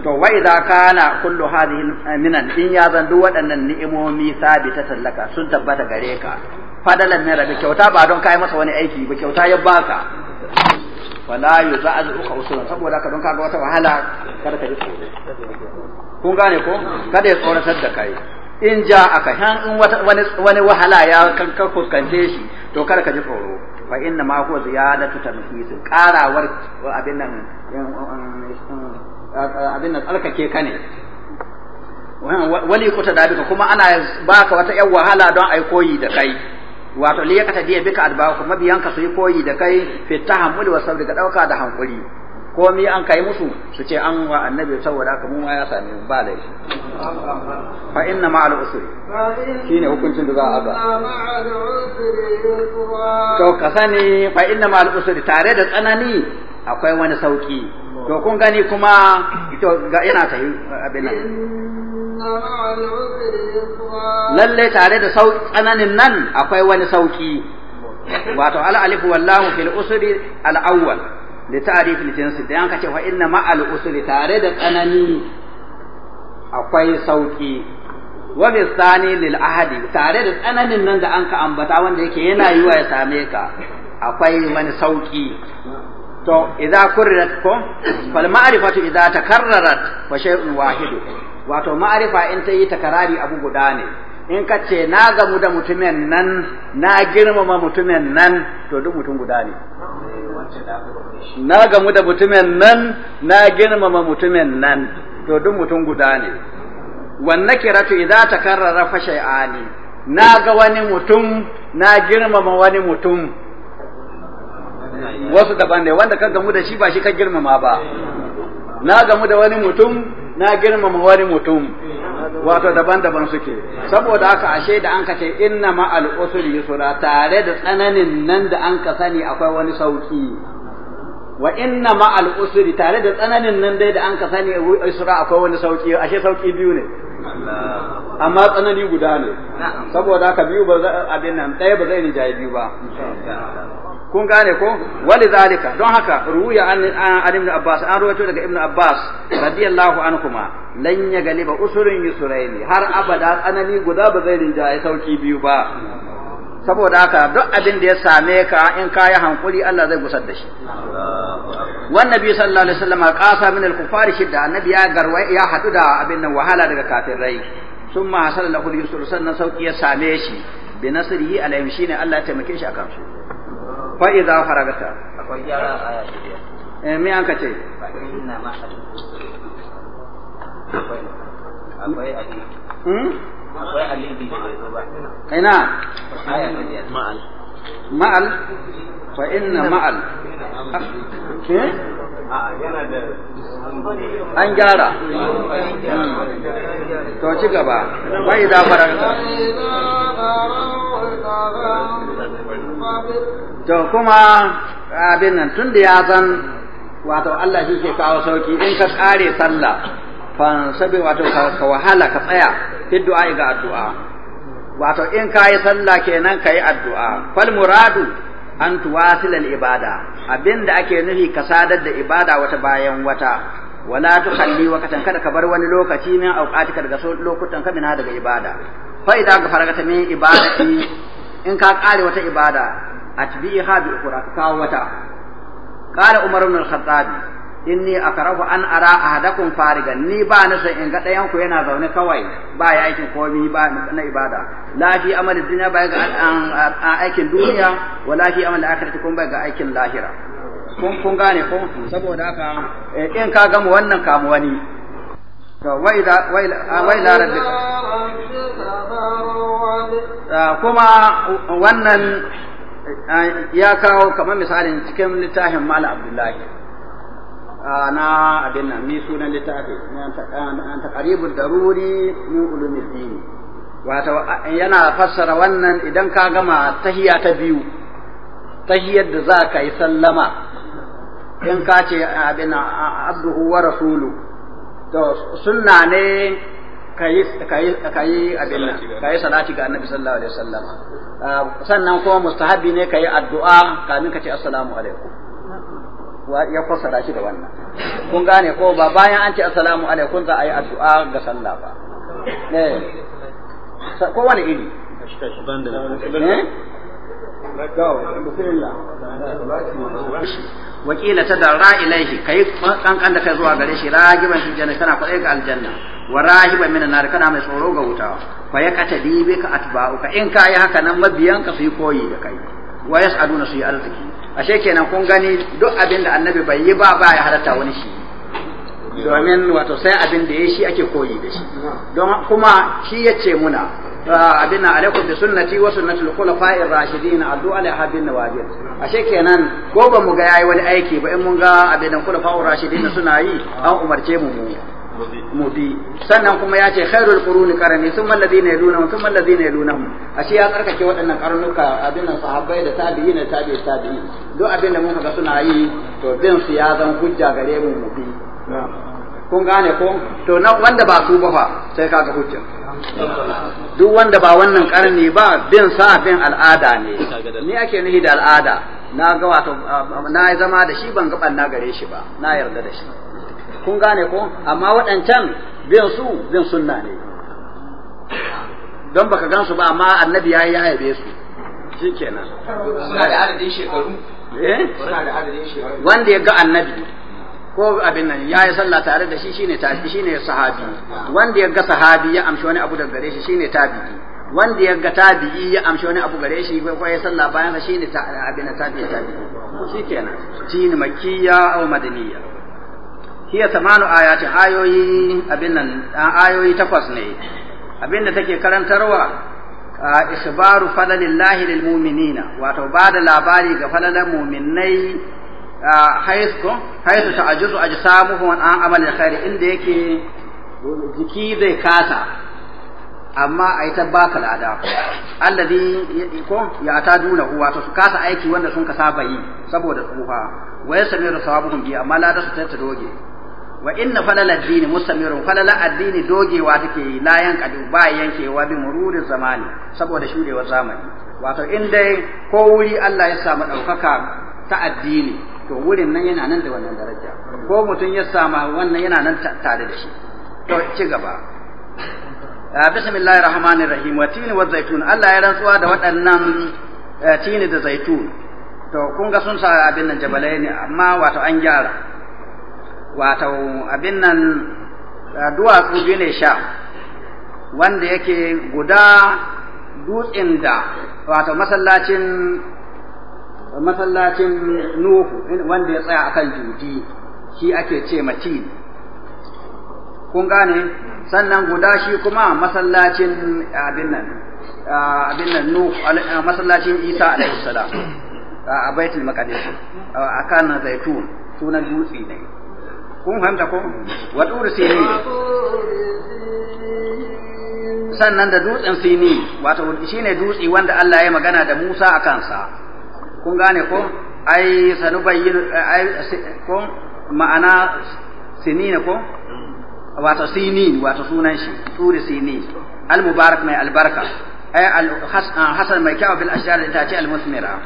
to wa idza kana kullu hadhihi eh, minan in ya zan duk waɗannan ni'imomi sabita tallaka sun tabbata gare ka fadalan ne rabi kyauta ba don kai masa wani aiki ba kyauta ya baka wala yuza'azuka usulan saboda ka don kaga wata wahala kada ka ji tsoro kun gane ko kada ya tsoratar da kai in ja aka han in wani wahala ya kankar fuskance shi to kada ka ji tsoro fa inna ma huwa ziyadatu qarawar abin nan um, um, abin nan alkake ka ne wali kuta da bika kuma ana baka wata yan wahala don ai koyi da kai wato liyakata diya bika adbaku mabiyanka su yi koyi da kai fita tahammul wa dauka da hankuri komi an kai musu su ce an wa annabi saboda haka mun ya sami mu ba laifi fa inna ma'al usri shine hukuncin da za a ga to ka sani fa inna ma'al usri tare da tsanani akwai wani sauki to kun gani kuma to ga yana tayi abin nan lalle tare da tsananin nan akwai wani sauki wato al alif wallahu fil usri al awwal li ta'rif al jinsi da an kace fa inna ma al tare da tsanani akwai sauki wa bi lil ahadi tare da tsananin nan da an ka ambata wanda yake yana yiwa ya same ka akwai wani sauki to idza kurrat ko fal ma'rifatu idza takarrarat fa shay'un wahid wato ma'rifa in ta yi takarari abu guda ne in ka ce na gamu da mutumin nan na girmama mutumin nan to duk mutum guda ne na gamu da mutumin nan na girmama mutumin nan to duk mutum guda ne wannan kiratu ta karrara fashe ani na ga wani mutum na girmama wani mutum wasu daban ne wanda ka gamu da shi ba shi ka girmama ba na gamu da wani mutum na girmama wani mutum wato daban-daban suke saboda haka ashe da an kace inna ma al yusra tare da tsananin nan da an ka sani akwai wani sauki wa inna ma al usri tare da tsananin nan dai da an ka sani yusra akwai wani sauki ashe sauki biyu ne amma tsanani guda ne saboda haka biyu ba bin nan ɗaya ba zai rijaye biyu ba kun gane ko wali zalika don haka ruya an an abbas an ruwaito daga ibn abbas radiyallahu kuma lan ya ba usurin yusraini har abada tsanani guda ba zai rinjaye sauki biyu ba saboda haka duk abin da ya same ka in ka yi hankuri Allah zai gusar da shi wan nabi sallallahu alaihi wasallam qasa min al-kuffar shidda annabi ya garwa ya hadu da abin nan wahala daga kafirai summa hasala lahu yusur sannan sauki ya same shi bi nasrihi alaihim shine Allah ya taimake shi akan su fa idza faragata akwai gyara aya eh me an kace akwai ali akwai ali bi ina ma'al ma'al fa inna ma'al eh? ah, an gyara hmm. to ci gaba bai da faranta to kuma abin nan tun da ya zan wato Allah shi ke kawo sauki in ka kare sallah fa sabi wato ka wahala ka tsaya fi du'a ga addu'a wato in ka yi sallah kenan ka yi addu'a fal muradu an tuwasilal ibada abinda ake nufi ka sadar da ibada wata bayan wata wala wa katan kada ka bar wani lokaci min auqatika daga lokutan ka mina daga ibada fa idan ka faragata min ibadati in ka kare wata ibada atbiha bi ukra ka kawo wata qala umar ibn al-khattabi inni akarahu an ara ahadakum farigan ni ba na san in ga ɗayan ku yana zaune kawai ba ya aikin komai ba na ibada lafi fi amali dunya ba ga aikin duniya wala fi amali akhirati kun ba ga aikin lahira kun kun gane ko saboda haka eh, in ka gama wannan kamu wani to wai da wai ah, kuma wannan eh, ya kawo kamar misalin cikin littafin Malam Abdullahi na abin nan ni sunan littafi an taqribul daruri min ulumid din wato yana fassara wannan idan ka gama tahiya ta biyu tahiyar da za ka yi sallama in ka ce abin abduhu wa rasulu to sunna ne kayi kayi abin nan kayi salati ga annabi sallallahu alaihi wasallam sannan kuma mustahabi ne kayi addu'a kamin ka ce assalamu alaikum ya fassara shi da wannan kun gane ko ba bayan an ce assalamu alaikum za a yi addu'a ga sallah ba eh ko wani iri eh? wakila ta da ka kai kankan da kai zuwa gare shi ragiban shi janna kana kwaɗe ga aljanna wa rahiban min nar kana mai tsoro ga wuta fa ya kata dibe ka atba'uka in ka yi haka nan mabiyanka su yi koyi da kai wa yas'aluna su yi arziki ashe kenan kun gani duk abin da annabi bai yi ba ba ya harata wani shi domin wato sai abin da ya shi ake koyi da shi don kuma shi ya ce muna ah, abin na alaikum bi sunnati wa sunnati al-khulafa'i rashidin addu ala habin nawajid ashe kenan ko ba mu ga yi wani aiki ba in mun ga abin da khulafa'ur rashidin suna yi an umarce mu mu mudi sannan kuma ya ce khairul quruni qarni thumma luna sun thumma alladhina luna ashe ya tsarkake waɗannan karnuka abinan sahabbai da tabi'i na tabi'i tabi'i duk abin da muka ga suna yi to bin su ya zan hujja gare mu mudi kun gane ko to na wanda ba su ba fa sai kaga hujja duk wanda ba wannan karni ba bin sa bin al'ada ne ni ake nihi da al'ada na ga wato na zama da shi ban ga na gare shi ba na yarda da shi kun gane ko amma waɗancan bin su bin sunna ne don baka gan su ba amma annabi ya yi ya yabe su shikenan eh? suna da adadin shekaru wanda ya ga annabi ko abin nan ya yi sallah tare da shi shine tabi shine sahabi wanda ya ga sahabi ya amshi wani abu da gare shi shine tabi'i wanda ya ga tabi'i ya amshi wani abu gare shi ko ya sallah bayan sa shine abin tabi'i tabi'i shikenan shine makkiya aw madaniya. hiya samanu ayati ayoyi abin nan ayoyi takwas ne abin da take karantarwa isbaru falalillahi lilmu'minina mu'minina wato bada labari ga falalan mu'minai haisu haisu ta'ajuzu ajsamuhum an amal khair inda yake jiki zai kasa amma ai ta baka lada alladhi ko ya ta duna wato su kasa aiki wanda sun ka saba yi saboda tsufa wa samiru sawabuhum bi amma lada su ta doge wa inna falala addini mustamirun falala addini dogewa take yi la kadu ba yankewa bi mururi zamani saboda shurewar zamani wato in dai ko wuri Allah ya samu ɗaukaka ta addini to wurin nan yana nan da wannan daraja ko mutum ya samu wannan yana nan tare da shi to ci gaba ah, bismillahir rahmanir rahim wa tini wa zaitun Allah ya rantsuwa da waɗannan eh, tini da zaitun to kun ga sun sa abin nan jabalai ne amma wato an gyara wato abin nan duwatsu biyu ne sha wanda yake guda dutsen da wato masallacin masallacin nuhu wanda ya tsaya akan juji shi ake ce mati kun gane sannan guda shi kuma masallacin abin nan abin nan nuhu masallacin isa alaihi salam a baitul maqdis akan zaitun sunan dutse ne kun fahimta ko wa turi sini sannan da dutsen sini wato shine dutse wanda Allah ya magana da Musa a kansa kun gane ko ai sanu sanubayyin ai ko ma'ana sini ne ko wato sini wato sunan shi turi sini al mubarak mai albarka ay al hasan mai kyau bil ashjar da ta ce al musmira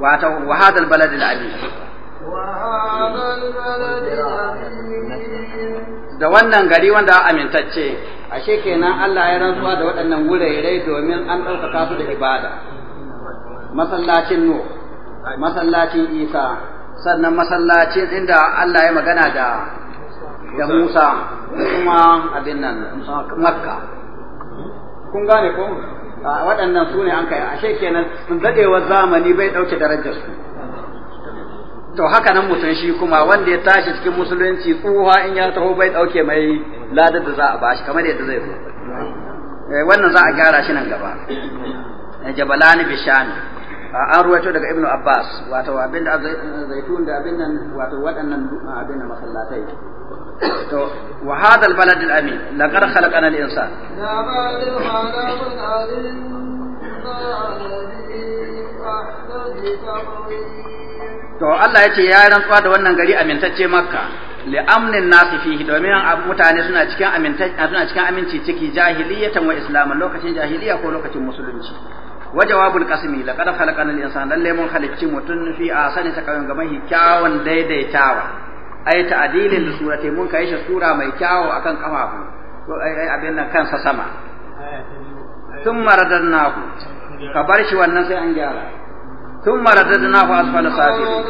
wato wa hadal balad al da wannan gari wanda amintacce ashe kenan Allah ya rantsuwa da waɗannan wurare domin an ɗaukaka su da ibada masallacin nu masallacin isa sannan masallacin inda Allah ya magana da da Musa da kuma abin nan Makka kun gane ko waɗannan su ne an kai ashe kenan dadewar zamani bai ɗauke darajar su to haka nan mutum shi kuma wanda ya tashi cikin musulunci tsuha in ya taho bai dauke mai ladar da za a bashi kamar yadda zai zo eh, wannan za a gyara shi nan gaba eh, jabalani bishani ah, an ruwaito daga ibnu abbas wato abin da eh, zaitun da abin nan wato waɗannan ah, abin na masallatai to wa hada al balad al amin laqad khalaqana al insan to Allah ya ce ya rantsuwa da wannan gari amintacce makka li amnin nasi fihi domin mutane suna cikin amintacce suna cikin aminci ciki jahiliyatan wa islaman lokacin jahiliya ko lokacin musulunci wa jawabul qasmi laqad khalaqana al-insana lalle mun halicci mutun fi asani sakawin ga mahi daidaitawa ai ta'dilin da surati mun kai shi sura mai kyawu akan kafafu ko ai abin nan kansa sama thumma radannahu ka bar shi wannan sai an gyara ثم رددناه أسفل سافلين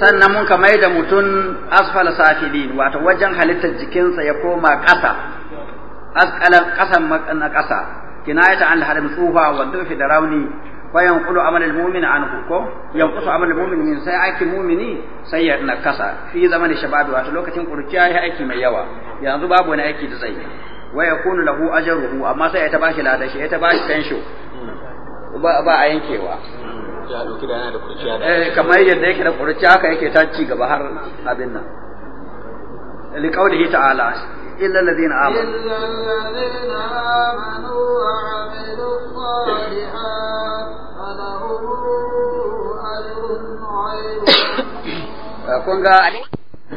sannan mun ka mai da mutum asfal safilin wato wajen halittar jikinsa ya koma ƙasa asƙalan ƙasan na ƙasa kinayata an lahadin tsufa wa dufi da rauni wa yanqulu amal almu'min anhu ko yanqusu amal almu'min min sai aiki mu'mini sai ya na ƙasa fi zamanin shababi wato lokacin kurciya ya aiki mai yawa yanzu babu wani aiki da zai yi wa yakunu lahu ajruhu amma sai ya ta bashi ladan shi ya ta bashi pension ba ba a yankewa eh, kamar yadda yake da kurciya haka yake ta ci gaba har abin nan liqaulihi ta'ala illa alladhina amanu illa alladhina amanu wa amilus salihat eh,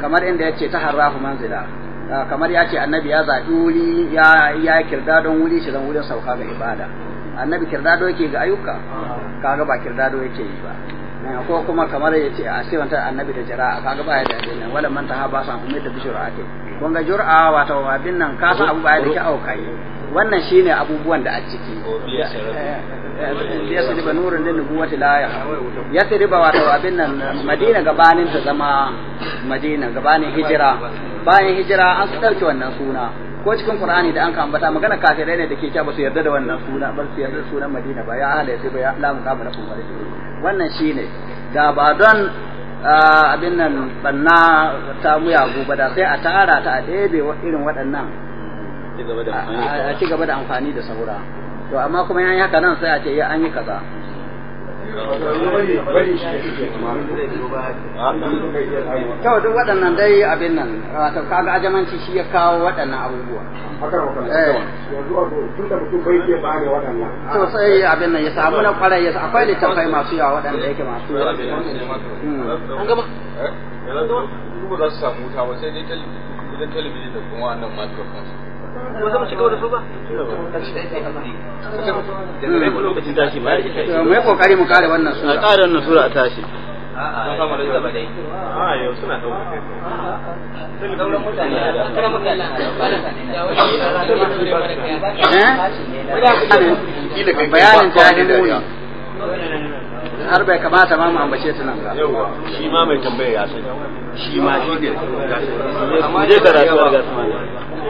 kamar inda yace ta taharrafu manzila Ah, kamar ya ce annabi ya zaɓi wuri ya ya kirdadon wuri shi zan wurin sauka ga ibada annabi kirdado yake ga ayyuka kaga ba kirdado yake yi ba eh, ko kuma kamar ya ce a siwanta annabi da a kaga ba ya da dinnan wala man ta ha ba san umma da bishura ake kun ga jur'a wato abin nan ka san abu ba ya da kyau kai wannan shine abubuwan da a ciki ya sirba nurin lil nubuwati la ya ya sirba wato abin nan madina gabanin ta zama madina gabanin hijira bayan hijira an su dauke wannan suna ko cikin qur'ani da an ka ambata magana kafirai ne da ke ba su yarda da wannan suna ba su yarda sunan madina ba ya ahla ba ya la mukamala kun fare wannan shine da ba don abin nan banna ta muyagu ba da sai a tara ta a ɗebe irin waɗannan a ci gaba da amfani da saura to amma kuma yan haka nan sai a ce ya an yi kaza kawai duk waɗannan dai abin nan wato kaga ajamanci shi ya kawo waɗannan abubuwa eh. to sai abin nan ya samu na kwarai ya akwai littafai masu yawa waɗanda yake masu yanzu hmm. eh? ba za su samu ba sai dai da kuma wannan microphone ba za mu ci gaba su ba mai kokari mu kare wannan sura kare wannan sura a tashi eh? bayanin ta har bai kamata ma mu ambace ta nan ba shi ma mai tambaya ya sani shi ma shi ne amma je karatu a gasmani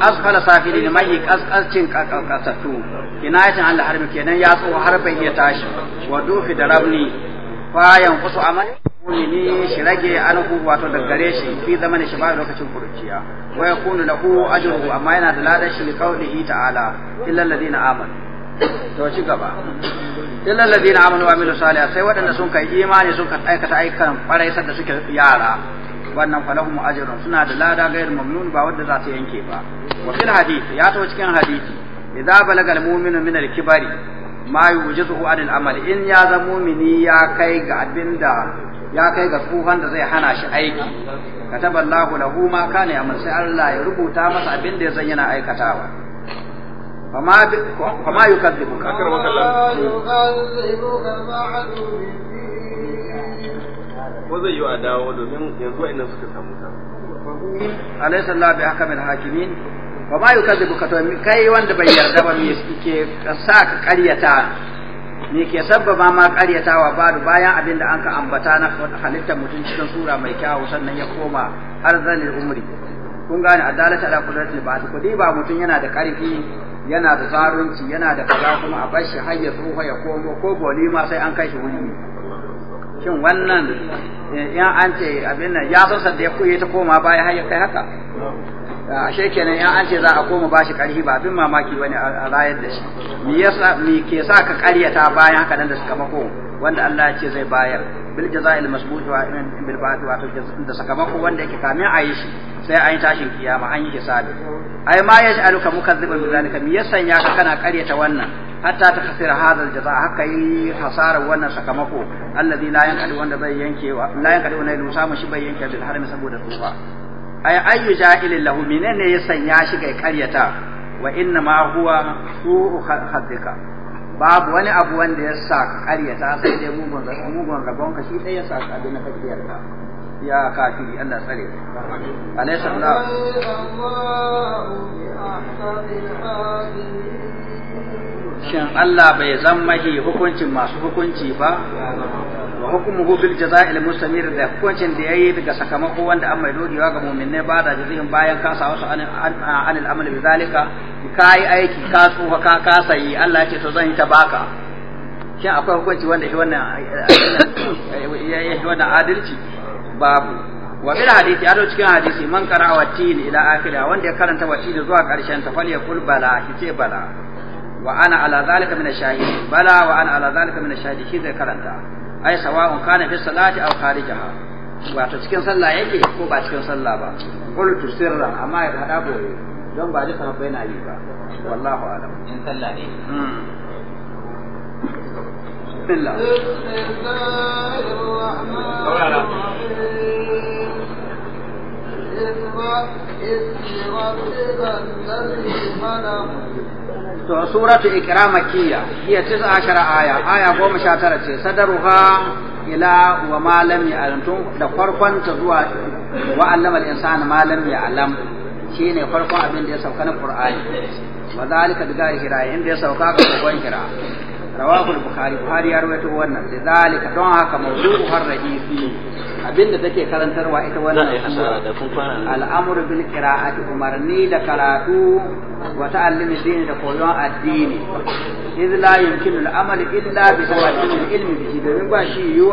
asfala safilin mai kaskancin kakasatu kinayatin Allah harbi kenan ya tsoho har bai iya tashi wa dufi da rabni bayan kusu amal ni shi rage anhu wato da gare shi fi zamanin shi ba lokacin kurciya wa yakunu lahu ajruhu amma yana da ladan shi kaulihi ta'ala illal ladina amanu to ci gaba illal ladina amanu wa amilu salihah sai waɗanda sun kai imani sun aikata aikan kwarai da suke yara wannan falahum ajrun suna da lada gairu mamnun ba wanda za su yanke ba wa fil hadith ya to cikin hadisi idza balagal mu'minu min al-kibari ma yujizuhu an al-amal in ya za mu'mini ya kai ga abinda ya kai ga tsufan da zai hana shi aiki kataballahu lahu ma kana ya sai Allah ya rubuta masa abinda ya san yana aikatawa Ba fama yukazzibuka akar wa ko zai yi a dawo domin yanzu wa'annan suka samu ta alaysa Allah bi ahkamil hakimin wa ma yukadzibu ka kai wanda bai yarda ba me ke sa ka karyata me ke sabbaba ma karyatawa da bayan abin da an ka ambata na halittar mutum cikin sura mai kyawu sannan ya koma har zanin umri kun gane adalata ala ba su kudi ba mutum yana da karfi yana da zarunci yana da kaza kuma a bashi har ya tsoho ya komo ko ma sai an kai shi wuri shin wannan yan' eh, an ce abin nan ya san da ya kuye ta koma baya har ya kai haka ah, ashe kenan yan' an ce za a koma bashi karhi ba abin mamaki bane a rayar da shi me yasa me ke sa ka karyata bayan haka dan da suka mako wanda Allah ya ce zai bayar bil jaza'il masbuti wa in bil ba'ti wa da sakamako wanda yake kamin a yi shi sai an yi tashin kiyama an yi hisabi ai ma yaj'aluka mukazziban bi zalika me yasa ya ka kana karyata wannan hatta ta khasira hadha aljaza haka yi hasarar wannan sakamako alladhi la yanqadi wanda bai yanke la yanqadi wanda bai musamu shi bai yanke bil harami saboda tsufa ay ayyu ja'ilin lahu menene ya sanya shi ga karyata wa inna ma huwa su'u haddika babu wani abu wanda ya sa ka karyata sai dai mugun mugun rabon ka shi dai ya sa ka abin da kake ya kafiri Allah tsare alaysa Allah shin Allah bai zammahi hukuncin masu hukunci ba wa hu bil jaza'il mustamir da hukuncin da yayi daga sakamako wanda an mai dogewa ga mu'minai ba da jazihin bayan ka sa wasu an amal bi zalika kai aiki ka tsufa ka ka yi Allah yake to zan yi ta baka shin akwai hukunci wanda shi wannan shi wannan adalci babu wa bil hadisi ado cikin hadisi man qara'a wa tin ila akhirah wanda ya karanta wa tin zuwa karshen ta fal yaqul bala shi ce bala wa ana ala zalika min ash-shahid bala wa ana ala zalika min ash-shahid shi zai karanta ai sawa'un kana fi salati aw kharijaha wato cikin sallah yake ko ba cikin sallah ba qultu sirra amma ya hada boye don ba duka bai na yi ba wallahu alam in sallah ne hmm. bismillah إذ ربك الذي خلق to suratu ikramakiyya hiya tis'a ashara aya aya goma sha tara ce sadaruha ila wa ma lam ya'lam da farkon ta zuwa wa allama al-insana ma lam ya'lam shine farkon abin da ya sauka na qur'ani wa zalika bi hira inda ya sauka ga farkon hira رواه bukhari bukhari ya rawaito wannan lidhalika don haka mawdu'u har rahisi abinda take karantarwa ita wannan al'amr bil qira'ati umarni da karatu wa ta'allimi dini da koyon addini idh la yumkinu al illa bi tawajjuh ilmi bihi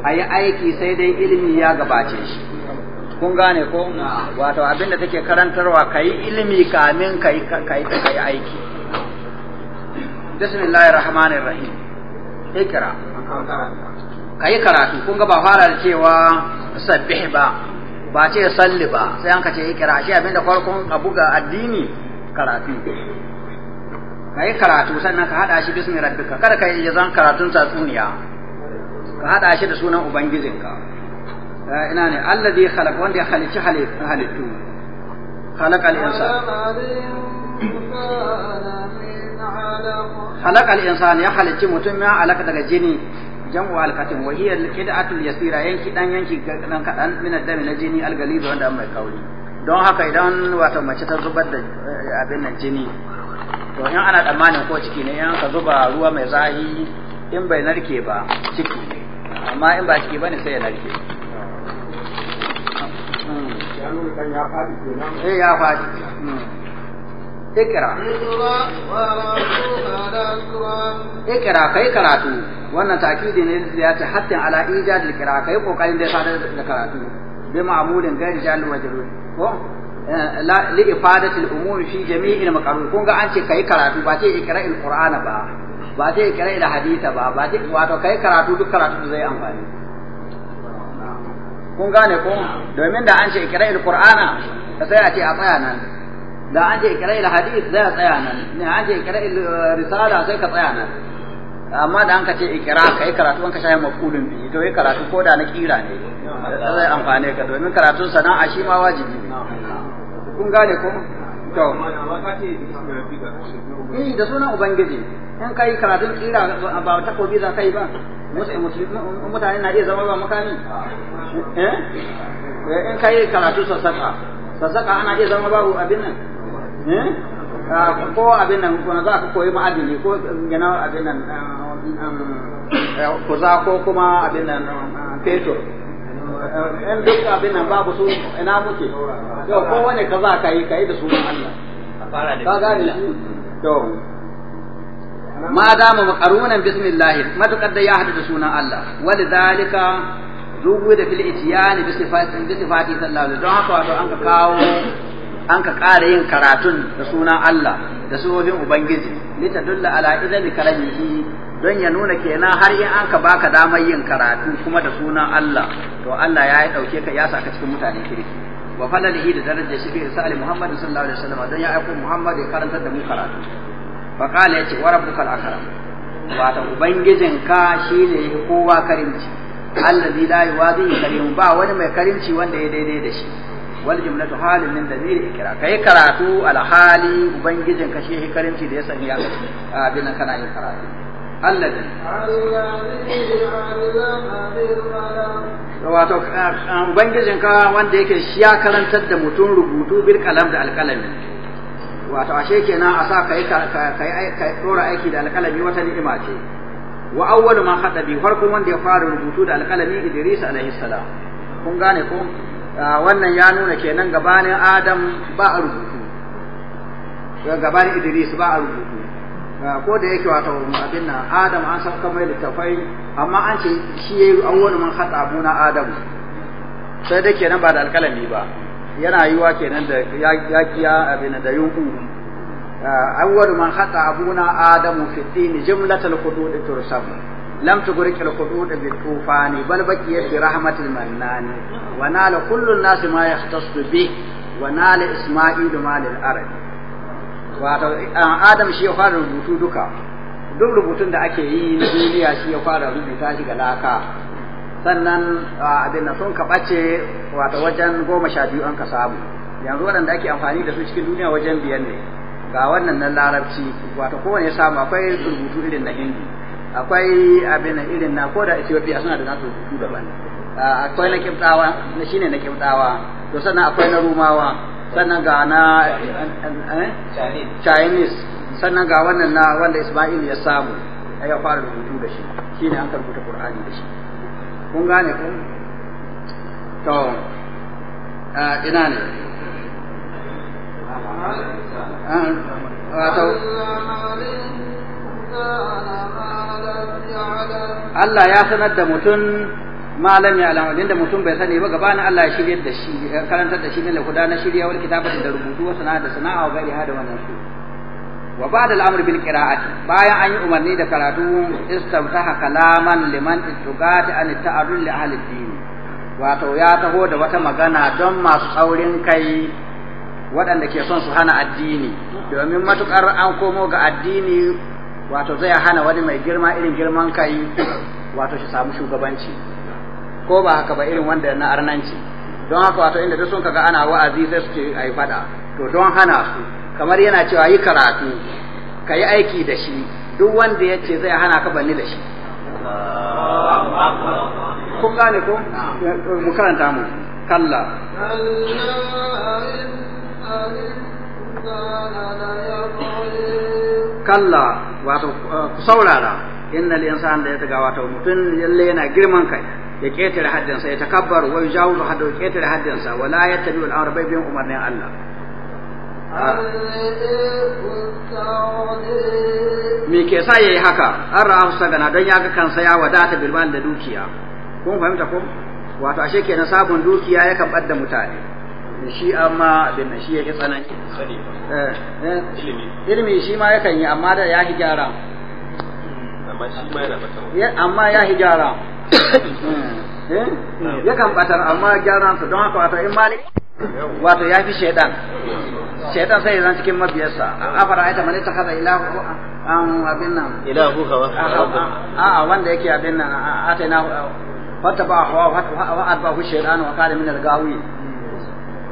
ayi aiki sai dai ilimi ya gabace shi kun gane ko wato abinda take karantarwa kai ilimi kamin kai kai aiki bismillahir rahmanir rahim ikra kai karatu kun ga ba fara da cewa sabbih ba ba ce salli ba sai an ka ce ikra shi abinda farkon abu ga addini karatu kai karatu sannan ka hada shi bismi rabbika kada kai zan karatun tatsuniya ka hada shi da sunan ubangijinka eh, ina ne allazi khalaq wanda ya halici halittu khalaqal insan خلق الإنسان يا خلق متم ما علق دغ جني جمع الكتم وهي الكدعة اليسيرة ينكي دان ينكي دان كدان من الدم الجني الغليظ wanda an mai kauri don haka idan wato mace ta zubar da abin jini to in ana tsammanin ko ciki ne in zuba ruwa mai zafi in bai narke ba ciki ne amma in ba ciki bane sai ya narke اقرا اقرا kai karatu wannan ta'kidi ne da ya ce hatta ala ijad al-qira kai kokarin da sadar da karatu bi ma'mulin gairi jahil majrur jarur ko li ifadatil umum fi jami'il maqarrun kun ga an ce kai karatu ba ce ikra al-qur'ana ba ba ce ikra al hadisa ba ba ce wato kai karatu duk karatu da zai amfani kun gane ko domin da an ce ikra al-qur'ana sai a ce a tsaya nan da an je kira ila hadith zai tsaya nan ne an kira ila eh, risala sai ka tsaya nan amma da an ka ce ka kai karatu an ka shaye mafulun bi to yi karatu ko da na kira ne zai amfane ka domin karatun sana'a shi ma wajibi ne kun gane ko to eh da sunan ubangiji in kai karatun kira ba ta kobi za kai ba mutane na iya zama ba makami eh, eh in kai karatu sassaka sassaka ana iya zama babu abin nan Eh? Ah, ko abin nan ko za ka koyi ma'adini ko gina abin nan ah, ah, eh, kuza ko kuma abin nan fetur eh, in duk abin nan babu su ina muke yau ko wani ka za ka yi ka yi da sunan Allah ka gane yau ma dama makarunan bismillah matukar da ya hadu da sunan Allah walidhalika zubu da fil itiyani bi sifati bi don haka wato an ka kawo an ka ƙara yin karatun da sunan Allah da sunofin Ubangiji dulla ala idan karamihi don ya nuna kenan har in an ka baka damar yin karatu kuma da sunan Allah to Allah ya yi ɗauke ka ya saka cikin mutane kirki wa falalihi da darajar shi fi sa'ali Muhammad sallallahu alaihi wasallam don ya aiko Muhammad ya karanta da mu karatu fa ya ce wa rabbukal akram wato shi ne kowa karimci Allah allazi la yuwazi karim ba wani mai karimci wanda ya daidai da shi wal jumlatu halin min damir ikra kai karatu al hali ubangijin ka shi karimci da ya sani a bin kana yin karatu alladhi wato ubangijin ka wanda yake shi ya karantar da mutum rubutu bil kalam da alkalami wato ashe kenan a sa kai kai dora aiki da alƙalami wata ni'ima ce wa awwalu ma hada bi farkon wanda ya fara rubutu da alƙalami Idris alaihi salam kun gane ko Ah, wannan ya nuna kenan gabanin adam ba a rubutu gabanin idris ba a rubutu ah, ko da yake wata abin nan adam an sauka mai littafai amma an ce shi ya yi awwal man abu na adam sai da kenan ba da alkalami ba yana yiwa kenan da ya kiya abin da yunku awwal ah, man abu na adam fitini din hudu da tursam لم تغرق الخدود بالطوفان بل بقيت برحمة المنان ونال كل الناس ما يختص به ونال إسماعيل ما للأرض wato Adam shi ya fara rubutu duka duk rubutun da ake yi na duniya shi ya fara rubuta shi ga laka sannan abin da sun kaɓace wato wajen goma sha biyu an ka samu yanzu waɗanda ake amfani da su cikin duniya wajen biyan ne ga wannan nan larabci wato kowane ya samu akwai rubutu irin na hindi akwai abin irin na ko da Ethiopia suna da nasu daban akwai na kibtawa na shine na kibtawa to sannan akwai na rumawa sannan ga na eh, Chinese sannan ga wannan na wanda Ismail ya samu ya fara rubutu da shi shine an karbuta Qur'ani da shi kun gane ko to ina ne ah, wato Allah ya sanar da mutum malam ya alamu inda mutum bai sani ba na Allah ya shirya da shi karantar da shi ne lahuda na shirya wal kitabati da rubutu wa sana'a da sana'a wa gari hada wannan su wa ba'da al'amr bil qira'ati bayan an yi umarni da karatu istamtaha kalaman liman ittugati an ta'arrul li ahli din wato ya taho da wata magana don masu saurin kai waɗanda ke son su hana addini domin matukar an komo ga addini wato zai hana wani mai girma irin girman kai wato shi samu shugabanci ko ba haka ba irin wanda na arnanci don haka wato inda duk sun kaga ana wa'azi sai su ce ai fada to don hana su kamar yana cewa yi karatu ka aiki da shi duk wanda yace zai hana ka banni da shi kun gane ko mu karanta mu kalla kalla wato eh, ku saurara innal da ya yataga wato mutun lalle yana girman kai ya ketare sa ya takabbar wa yajawu hadu ya haddin sa wala yattabi al amr bayyin umarnin Allah ah. me ke sa yayi haka an ra'ahu sagana don ya ga kansa ya wadata bilman da dukiya kun fahimta ko wato ashe kenan sabon dukiya yakan badda mutane shi amma abin nan shi yake tsanani ilimi shi ma yakan yi amma da ya hi gyara amma shi ma ya hi gyara yakan batar amma gyaran sa don haka wata in malik wato ya fi shaidan shaidan sai zan cikin mabiyarsa a fara aita mani ta kaza ilahu an abin nan ilahu hawa a a wanda yake abin nan a ta na fata ba hawa wa adba hu shaidan wa kare min al-gawi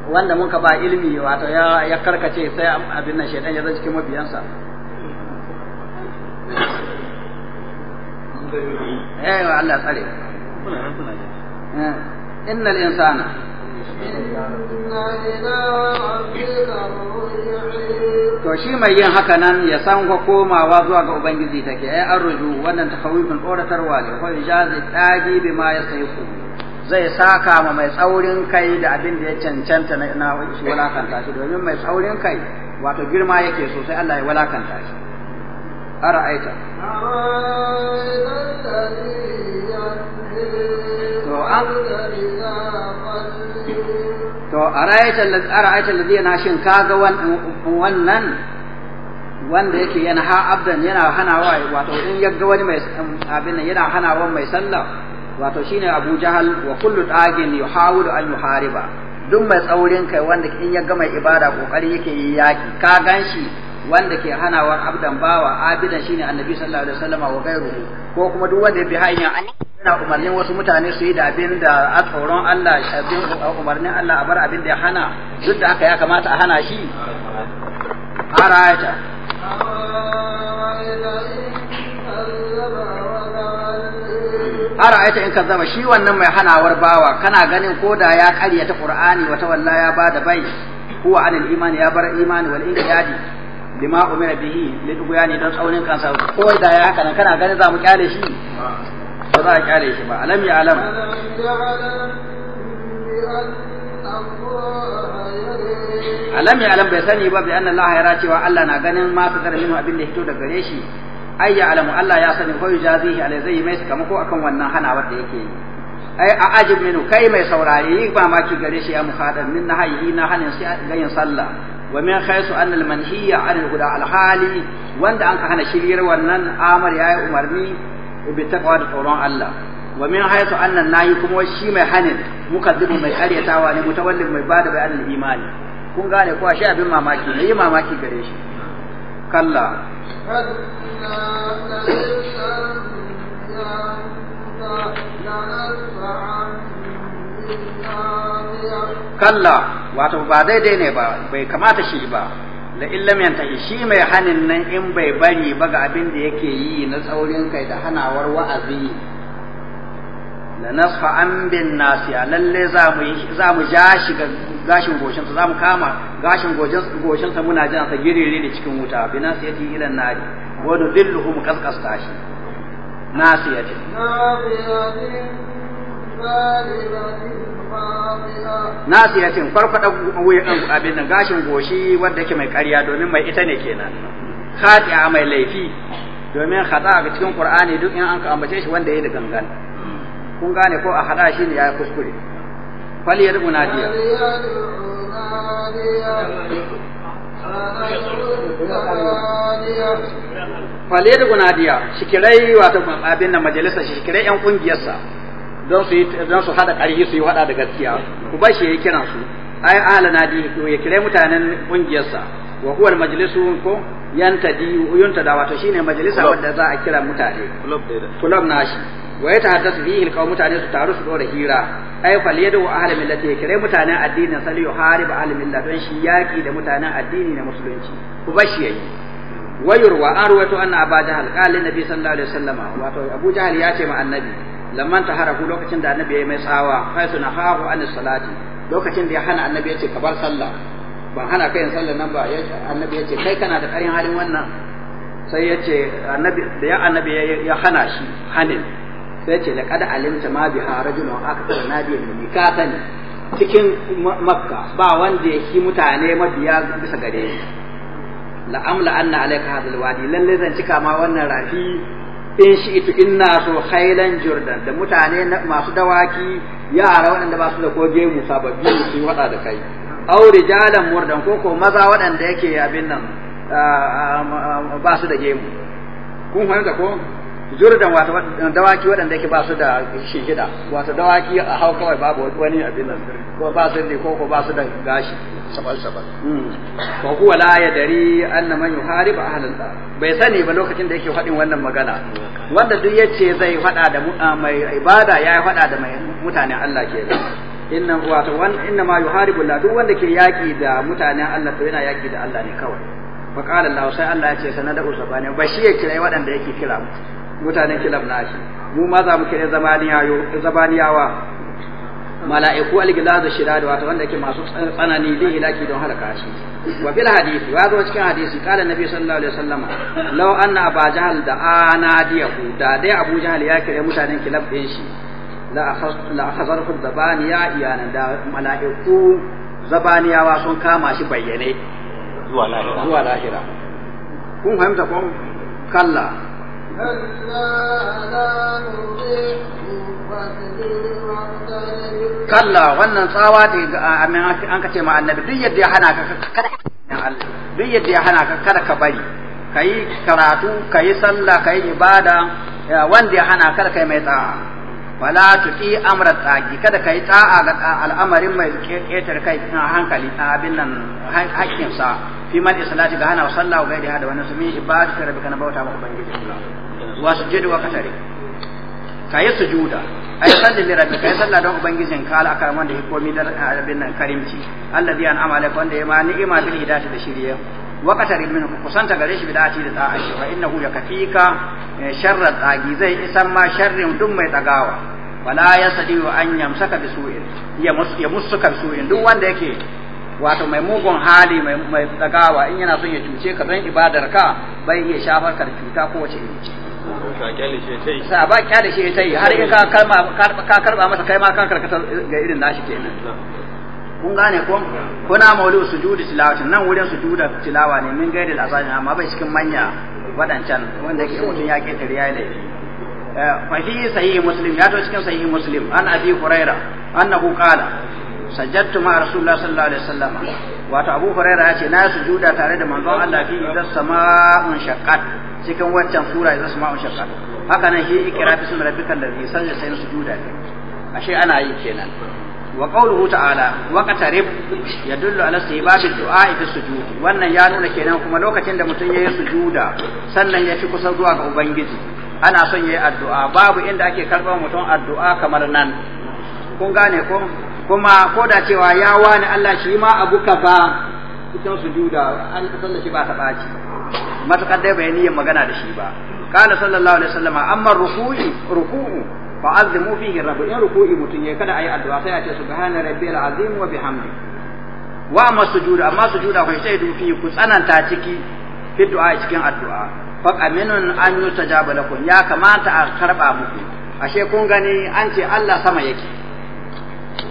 wanda muka ba ilimi wato ya ya karkace sai abin nan shaidan ya zai cikin mabiyansa eh Allah tsare eh, innal insana To shi mai yin haka nan ya san ko komawa zuwa ga Ubangiji take, ai eh, an ruju wannan tafawifin tsoratarwa ne, ko ijazi tsagi bi ma ya sai ku. zai saka ma mai tsaurin kai da abin da ya cancanta na shi walakanta shi domin mai tsaurin kai wato girma yake so sai Allah ya walakanta shi aita to a to ara'aita ara'aita ladhi na shin kaga wannan wanda yake yana ha abdan yana hanawa wato in yaga wani mai abin yana hanawa mai sallah wato shine Abu Jahal wa kullu dagin yuhawilu an yuhariba duk mai tsaurin kai wanda in ya gama ibada kokari yake yi yaki ka ganshi wanda ke hanawa abdan bawa abidan shine annabi sallallahu alaihi wasallama wa gairu ko kuma duk wanda bi hanya Ina umarnin wasu mutane su yi da abin da a tsoron Allah abin umarnin Allah a bar abin da ya hana duk da haka ya kamata a hana shi arata aita in kazzaba shi wannan mai hanawar bawa kana ganin ko da ya ta qur'ani wata walla ya bada bai huwa anil imani ya bar imani wal inqiyadi lima umira bihi liduguyani dan tsaunin kansa ko da ya haka nan kana ganin za mu kyale shi ba za a kyale shi ba alam ya alam alam ya alam bai sani ba bi anna Allah ya cewa Allah na ganin ma su karamin abin da hito daga gare shi ai ya alamu Allah ya sani ko yujazihi alai zai mai ko akan wannan hanawar da yake yi ai a ajib minu kai mai saurari yi mamaki gare shi ya muhadar min na hayi na hanin sai sallah wa min khaisu an al manhiya an al huda al hali wanda an ka hana shiryar wannan amar yayi umarni bi taqwa da tsoron Allah wa min haythu anna nahi kuma shi mai hanin mukaddimu mai karyatawa ne mutawallin mai bada bayanin imani kun gane ko shi abin mamaki ne yi mamaki gare shi kalla kalla wato ba dai ne ba bai kamata shi ba la illam yantahi shi mai hanin nan in bai bari ba ga abin da yake yi na tsaurin kai da hanawar wa'azi la nasfa an bin a lalle za mu ja shi ga gashin goshin sa za mu kama gashin goshin goshin sa muna jan sa girire da cikin wuta bi nasiyati ila nari wa nudilluhum kaskasta shi nasiyati nasiyatin farfada wuyan abin nan gashin goshi wanda yake mai ƙarya domin mai ita ne kenan khati'a mai laifi domin khata a cikin qur'ani duk in an ka ambace shi wanda yi da gangan kun gane ko a hada shi ne ya kuskure fal ya rubu nadiya fal ya rubu nadiya shikirai wato abin nan majalisar shikirai yan kungiyarsa don su don su hada ƙarfi su yi hada da gaskiya ku bashi yayi kiran su ai ahla nadi ya kire mutanen kungiyarsa wa huwa majlisu ko yunta da wato shine majalisa wanda za a kira mutane na nashi wa ya tahaddasu fihi alqawm mutane su taru su dora hira ay fal yadu ahli millati kire mutanen addini sal yuharib ahli millati don shi yaki da mutanen addini na musulunci ku bashi yayi wa yurwa arwatu anna abu jahal qala nabi sallallahu alaihi wasallama wato abu jahal ya ce ma annabi lamman taharaku lokacin da annabi ya mai tsawa fa suna an salati lokacin da ya hana annabi ya ce ka bar sallah ban hana kai yin sallar nan ba annabi ya ce kai kana da ƙarin halin wannan sai ya ce annabi da ya annabi ya hana shi hanin sai ya ce da kada alimta ma bi harajulun aka tsara nadiyan ne ka sani cikin makka ba wanda ya ki mutane mabiya bisa gare ni la amla anna alayka hadal wadi lalle zan cika ma wannan rafi in shi itu inna so khailan jordan da mutane masu dawaki yara waɗanda ba su da koge mu sababbi su wada da kai aw rijalan murdan ko ko maza waɗanda yake abin nan ba su da gemu kun fahimta ko zurdan wato dawaki waɗanda yake ba su da shigida wato dawaki a hau kawai babu wani abin nan ko ba su ne ko ko ba su da gashi sabal sabal ko hmm. huwa la dari anna man yuharib ahlan da bai sani ba lokacin da yake faɗin wannan magana wanda duk yace zai faɗa da mai ibada ya faɗa da mai mutanen Allah kenan inna wato wan inna ma yuharibu la duk wanda ke yaki da mutanen Allah to yana yaki da Allah ne kawai fa qala Allah sai Allah ya ce usaba ne ba shi ya kira waɗanda yake kira mutanen kilab shi. mu ma za mu kira zabaniyayo zabaniyawa mala'iku al da shida da wato wanda yake masu tsanani da hilaki don halaka shi wa bil hadisi wa zo cikin hadisi qala nabi sallallahu alaihi wasallama law anna abu jahal da anadiyahu da dai Abuja'l ya kira mutanen kilab din shi la akhazarhu zabaniya iyana da mala'iku zabaniyawa sun kama shi bayyane zuwa lahira zuwa lahira kun fahimta ko kalla kalla wannan tsawa da amin an kace ma annabi duk yadda ya hana ka kada duk yadda ya hana ka kada ka bari yi karatu yi sallah yi ibada wanda ya hana kada kai mai tsawa wala tuti amra tsagi kada kai ta'a ga al'amarin mai ketar kai na hankali abin nan hakkin sa fi islati ga hana sallahu hada su ibadu rabbika na bauta maka ubangiji wa sujudu wa katare kai sujuda ai salli da rabbika ai sallah don ubangijin ka ala akaram wanda ya komi da abin nan karimci wanda ya ma ni'ima bil hidayati da shiriya وقتر منه كسنت غريش بداتي لطاعش فإنه يكفيك شر الطاغي زي اسمى شر دم يتقاوى ولا يستطيع أن يمسك بسوء يمسك بسوء دو وان ديكي wato mai mugun hali mai tsagawa in yana son ya cuce ka don ibadar ka bai iya shafar ka da cuta ko wace ce sa ba kyale shi ya tayi har in ka karba masa kai ma kan karkata ga irin nashi kenan kun gane ko kuna maulidu sujudi tilawatin nan wurin sujuda tilawa ne min da al'azami amma bai cikin manya wadancan wanda yake mutum ya ke tariya ya laifi eh, fa fi sahihi muslim ya to cikin sahihi muslim an abi Hurayra, annahu qala sajjadtu ma rasulullah sallallahu alaihi wasallam wato abu Hurayra ya ce na sujuda tare da manzon Allah fi idas sama'un shaqqat cikin waccan sura idas sama'un shaqqat haka nan shi ikra bismi rabbikal ladzi sajjada sai sujuda ashe ana yi kenan wa qawluhu ta'ala wa qatarib yadullu ala istihbab ad-du'a fi sujud wannan ya nuna kenan kuma lokacin da mutum yayi sujuda sannan ya fi kusa zuwa ga ubangiji ana son yi addu'a babu inda ake karɓar mutum addu'a kamar nan kun gane ko kuma ko da cewa ya wani Allah shi ma abu kaza cikin sujuda an sallar shi ba ta ɓaci matuƙar dai bai niyyar magana da shi ba قال صلى الله عليه وسلم أما ruku'u. fa azimu fihi rabu in ruku'i mutun yayi kada ayi addu'a sai a ce subhana rabbiyal azim wa bihamdi wa amma sujuda amma sujuda fa sai dufi ku tsananta ciki fi du'a cikin addu'a fa aminun an ta lakum ya kamata a karba muku ashe kun gani an ce Allah sama yake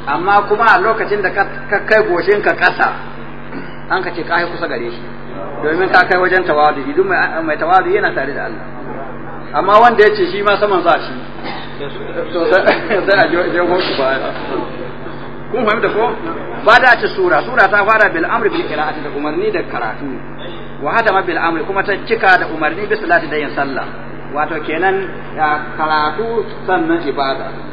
amma kuma a lokacin da ka kai goshin ka kasa an ka ce ka kusa gare shi domin ka kai wajen tawadu idan mai tawadu yana tare da Allah amma wanda ya ce shi ma saman za shi to sai a je gosu baya kun fahimta da ko ba da ce sura sura ta fara bil amri bil qira'ati da umarni da karatu wa hada ma bil amri kuma ta cika da umarni bi salati da yin sallah wato kenan karatu sannan ibada